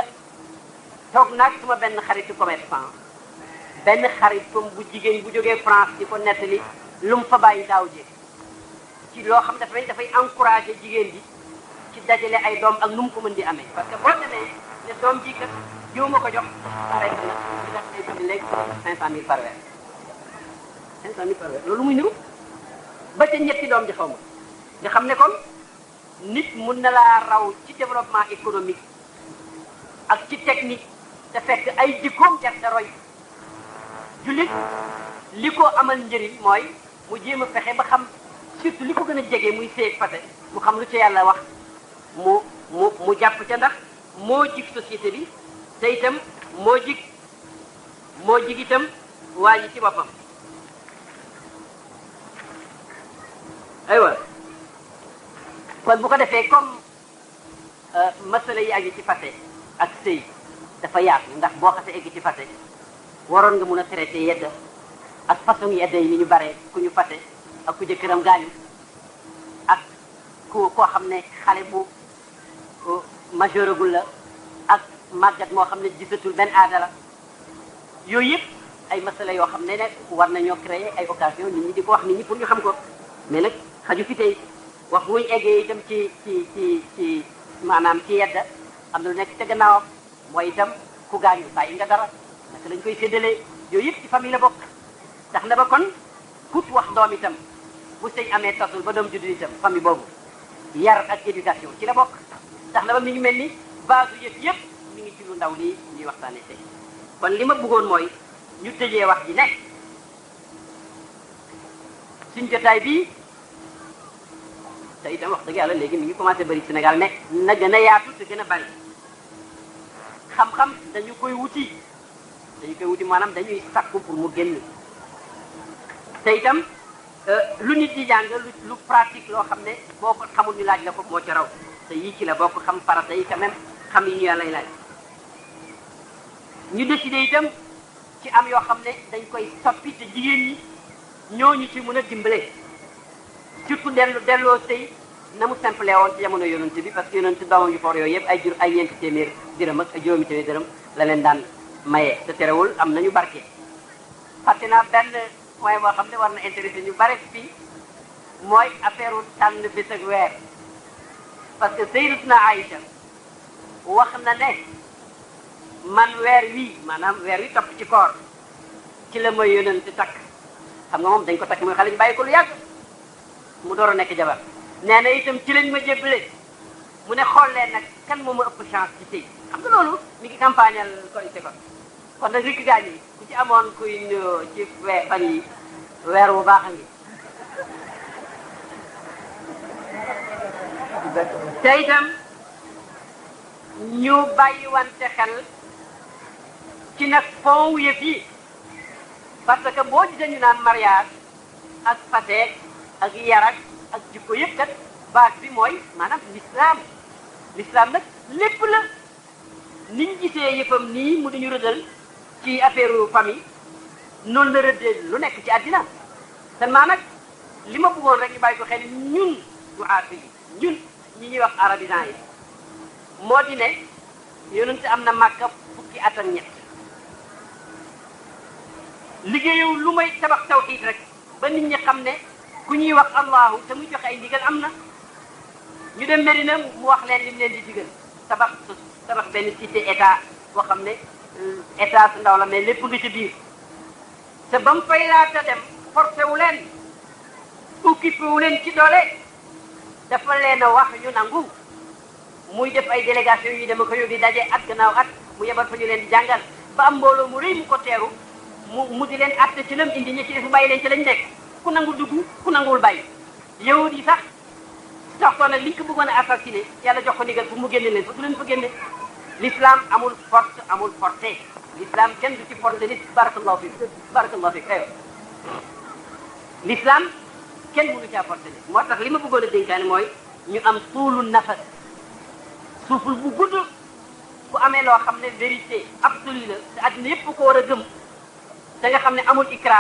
toog naag suma benn xaritu commerçant benn xaritam bu jigéen bu jógee France di ko li lu mu fa bàyyi daaw ji ci loo xam dafay dafay encouragé jigéen ji ci dajale ay doom ak nu mu ko mën di ame parce que boo demee ne doom ji kat jiw ma ko jox pare na ñu def ay bind léegi cinq cent mille par loolu muy niru ba ca ñetti doom ji ma nga xam ne kon nit mun na laa raw ci développement économique ak ci technique te fekk ay jikkoom def da jullit li ko amal njëriñ mooy mu jéem a fexe ba xam surtout li ko gën a jege muy seeg fate mu xam lu ca yàlla wax mu mu mu jàpp ca ndax moo jig société bi te itam moo jig moo jig itam waa ji ci boppam aywa kon bu ko defee comme euh, masala yi àgg ci fase ak sëy dafa yaatu ndax boo xasee egg ci fase waroon nga mun a traité yedda ak façon yedda yi ni ñu bare ku ñu fase ak ku jëkkëram gaañu ak ku koo xam ne xale bu euh, majeuragul la ak màggat moo xam ne gisatul benn aadala la yooyu yëpp ay masala yoo xam ne nag war nañoo créer ay occasion nit ñi di ko wax nit ñi pour ñu xam ko mais nag xaju fi tey wax bu ñu eggee itam ci ci ci ci maanaam ci yedda am na lu nekk ca gannaawam mooy itam ku gaañu bàyyi nga dara naka koy séddalee yooyu yëpp ci famille la bokk tax na ba kon kut wax doom itam bu sëñ amee tasul ba doom juddu itam famille boobu yar ak éducation ci la bokk tax na ba mi ngi mel ni base yu yëf yëpp mi ngi ci lu ndaw lii ñuy waxtaane tey kon li ma bëggoon mooy ñu tëjee wax ji ne suñ jotaay bii te itam wax dëgg yàlla léegi mi ngi commencé bari Sénégal ne na gën a yaatu te gën a bëri xam-xam dañu koy wuti dañu koy wuti maanaam dañuy sakku pour mu génn te itam euh, lu nit ñi jàng lu pratique loo xam ne boo ko xamul ñu laaj la ko moo ci te yii ci la boo ko xam farata yi quand même xam yi ñu yàlla lay ñu décidé itam ci am yoo xam ne dañ koy soppi te jigéen ñi ñooñu ci mën a dimbale surtout dellu delloo sëy na mu simple woon ci jamono yonent bi parce que yonent doomam yu for yooyu yëpp ay jur ay ñeenti téeméer dërëm ak ay juróomi téeméer dërëm la leen daan maye te terewul am na ñu barke fàtte naa benn point boo xam ne war na intéressé ñu bare fii mooy affaire tànn bés ak weer parce que Sayyidatuna Aïcha wax na ne man weer wii maanaam weer wi topp ci koor ci la ma yonent takk xam nga moom dañ ko takk mooy xale ñu bàyyi ko mu door a nekk jabar nee itam ci lañ ma jébbale mu ne xool leen nag kan moo ma ëpp chance ci sëy xam nga loolu mi ngi campagnal koy ci kon nag rikk gaañ yi ku ci amoon kuy ci we fan yi weer wu baax a ngi te itam ñu bàyyiwante xel ci nag fond yëf yi parce que boo gisee ñu naan mariage ak fase ak yarak ak jikko yëpp kat baat bi mooy maanaam lislaam lislaam nag lépp la ni gisee yëfam nii mu dañu rëddal ci affaire famille noonu la rëddee lu nekk ci àddina seulement nag li ma bëggoon rek ñu bàyyi ko xel ñun du arbi ñun ñi ñuy wax arabisan yi moo di ne yonent am na màkka fukki at ak ñett lu may tabax tawxiid rek ba nit ñi xam ne ku ñuy wax allahu te muy joxe ay ndigal am na ñu dem Medina mu wax leen lim leen di digal tabax tabax benn cité état boo xam ne euh, état su ndaw la me lépp ngi ci biir te ba mu fay laata dem forcé wu leen occupé wu leen ci doole dafa leen a wax ñu nangu muy def ay délégation yuy dem ko yóbbu daje at gannaaw at mu yebal fa ñu leen di jàngal ba am mbooloo mu rëy mu ko teeru mu mu di leen àtte ci lam indi ñi ci def mu bàyyi leen ci lañ nekk. ku nangu dugg ku nanguwul bay yahud yi sax toxtoon nag liñ ko bëggoon a assassiné yàlla jox ko ndigal fu mu génne leen fa du leen fa génne l'islam amul force amul portée l'islam kenn du ci porté nit barakallahu fi barakallahu fi xew l'islam kenn mënu caa porté nit moo tax li ma bëggoon a dénkaane mooy ñu am tuulu nafas suuful bu gudd bu amee loo xam ne vérité absolue la te àddina yépp ko war a gëm te nga xam ne amul ikra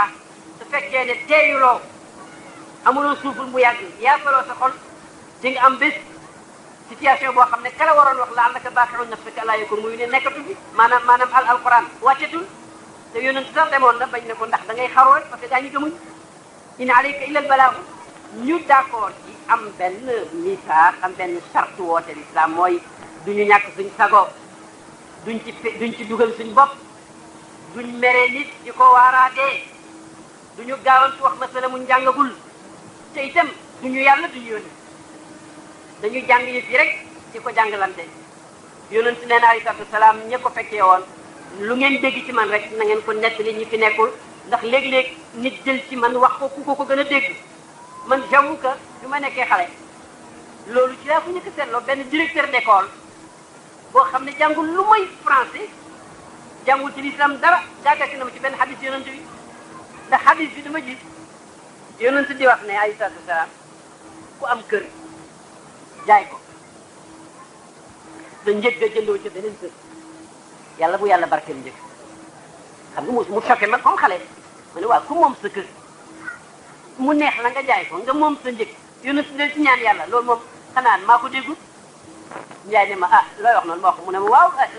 su fekkee ne teeyuloo amuloo suuful bu yàgg yaafaloo sa xol di nga am bés situation boo xam ne kala waroon wax la allaka baaxi'un nafsaka allaa yakun muy ne nekkatu bi maanaam maanaam al alquran wàccatul te yonent sax demoon na bañ ne ko ndax da ngay xaroo parce que daañu gëmuñ in alayka illa al balaagu ñu d'accord ci am benn misaax am benn charte woote l'islam mooy ñu ñàkk suñ sago duñ ci dugal suñ bopp duñ mere di ko waaraatee du ñu gaawantu wax ma mu njàngagul te itam du ñu yàlla du ñu yónni dañuy jàng yi rek di ko jàngalante yonent nee na alayhi salaatu wasalaam ña ko fekkee woon lu ngeen dégg ci man rek na ngeen ko nettali ñi fi nekkul ndax léeg-léeg nit jël ci man wax ko ku ko ko gën a dégg man jawwu ka bi ma nekkee xale loolu ci laa ko ñëkk seetloo benn directeur d'école boo xam ne jàngul lu may français jàngul ci lislaam dara jaagati na ma ci benn xadis yonent bi ndax xadis bi dama ji gis yonent di wax ne alayhi salaatu wasalaam ku am kër jaay ko da njëg ga jëndoo ca beneen kër yàlla bu yàlla barkeel njëg xam nga mu mu choqué ma comme xale ma ne ku moom sa kër mu neex la nga jaay ko nga moom sa njëg yonent de ci ñaan yàlla lool moom xanaan maa ko déggul njaay ne ma ah looy wax noonu ma wax mu ne ma waaw ah,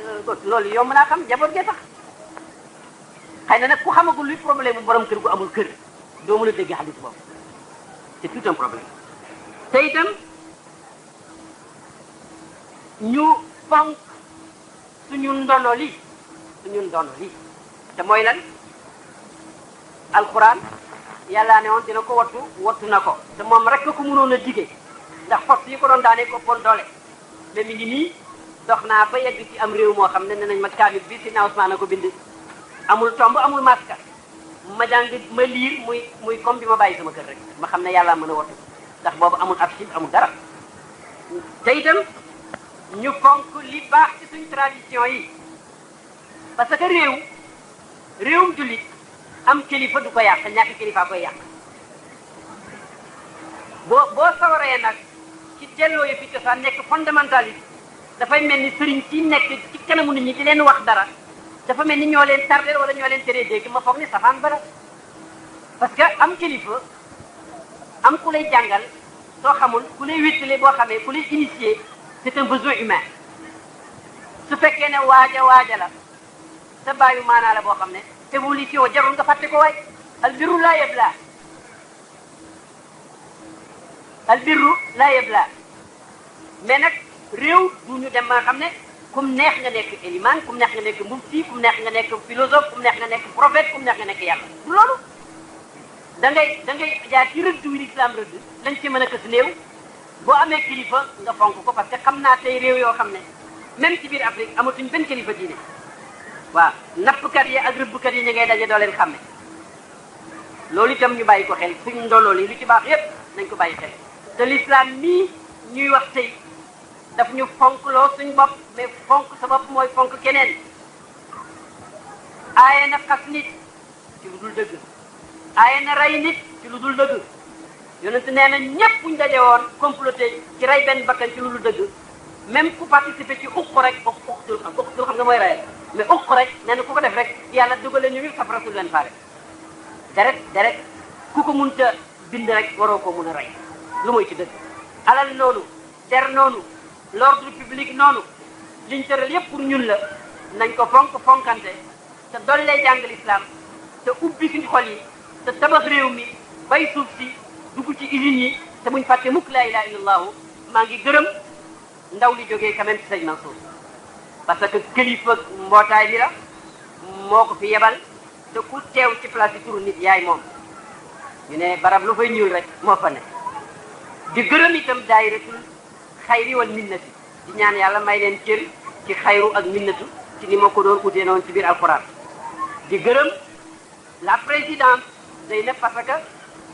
loolu yomb naa xam jaboot gee tax xay na nag ku xamagul luy problème bu borom kër gu amul kër doo mun a déggee xadis boobu c'est tout un problème te itam ñu fonk suñu ndono li suñu ndono li te mooy lan alxuraan yàllaa ne woon dina ko wattu wattu na ko te moom rek ko mënoon a dige ndax force yi ko doon daanee ko bon doole mais mi nii dox naa ba yegg ci am réew moo xam ne ne nañ ma kaamil bi si naa Ousmane ko bind amul tomb amul maska ma jàng ma liir muy muy comme bi ma bàyyi sama kër rek ma xam ne yàlla mën a wattu ndax boobu amul ab sib amul dara te itam ñu fonk li baax ci suñ tradition yi parce que réew réewum jullit am kilifa du ko yàq ñàkk kilifaa koy yàq boo boo sawaree nag ci delloo yi fi cosaan nekk fondamentaliste dafay mel ni sëriñ ci nekk ci kanamu nit ñi di leen wax dara dafa mel ni ñoo leen tardeel wala ñoo leen teree dégg ma foog ni safaan ba parce que am kilifa am ku lay jàngal soo xamul ku lay wéttale boo xamee ku lay initier c'est un besoin humain su fekkee ne waaja waaja la sa bàyyu maanaa la boo xam ne évolution jarul nga fàtte ko waay albirru laa yebla albirru laa yebla mais nag réew du dem ba xam ne kum neex nga nekk éliman kum neex nga nekk mufti kum neex nga nekk philosophe kum neex nga nekk prophète kum neex nga nekk yàlla du loolu da ngay da ngay jaar ci rëdd wi lislaam rëdd lañ ci mën a kës néew boo amee kilifa nga fonk ko parce que xam naa tey réew yoo xam ne même ci biir Afrique amatuñ benn kilifa diine waaw nappkat yi ak rëbbkat yi ñu ngay daje doo leen xàmme loolu tam ñu bàyyi ko xel suñ ndoloo li lu ci baax yépp nañ ko bàyyi xel te lislaam mii ñuy wax tey daf ñu fonk loo suñ bopp mais fonk sa bopp mooy fonk keneen aaye na xas nit ci lu dul dëgg aaye na rey nit ci lu dul dëgg yonent nee na ñépp buñ daje woon comploté ci rey benn bakkan ci lu dul dëgg même ku participé ci uq rek uq uqtul xam uqtul xam nga mooy reyal mais uq rek nee na ku ko def rek yàlla dugalee ñu ñu safara su leen faale deret deret ku ko munta bind rek waroo ko mun a lu mooy ci dëgg alal noonu der noonu l'ordre public noonu liñ tëral yépp pour ñun la nañ ko fonk fonkante te dollee jàng lislaam te ubbi suñu xol yi te tabax réew mi bay suuf si dugg ci usines yi te buñ fàtte mukk laa ilaha illallahu maa ngi gërëm ndaw li jógee quand même ci sëñ Mansour parce que kilifa mbootaay bi la moo ko fi yebal te ku teew ci place bi turu nit yaay moom ñu ne barab lu fay ñuul rek moo fa ne di gërëm itam daayiratul xayri wal minnati di ñaan yàlla may leen cër ci xayru ak minnatu ci ni ma ko doon utee noonu ci biir alquran di gërëm la présidente Zeynab parce que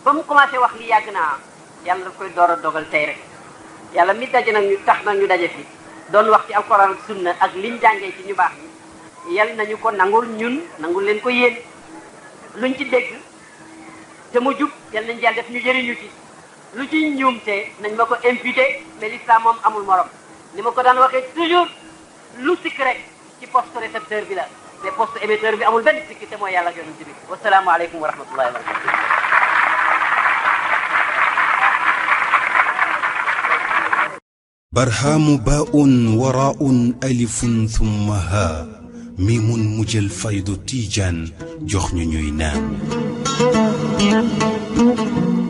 ba mu commencé wax li yàgg naa yàlla daf koy door dogal tey rek yàlla mi daje nag ñu tax nag ñu daje fi doon wax ci alquran ak sunna ak liñ jàngee ci ñu baax ñi yal nañu ko nangul ñun nangul leen ko yéen luñ ci dégg te mu jub yal na jàll def ñu jëriñu fi lu ci njuumte nañ ma ko imputé mais l'islam moom amul morom ni ma ko daan waxee toujours lu sikk ci poste récepteur bi la mais poste amul benn sikki mooy yàlla ak yonent bi wasalaamualeykum wa rahmatullahi wa barakatuh برهام باء وراء ألف ثم ها ميم مجل فيض تيجان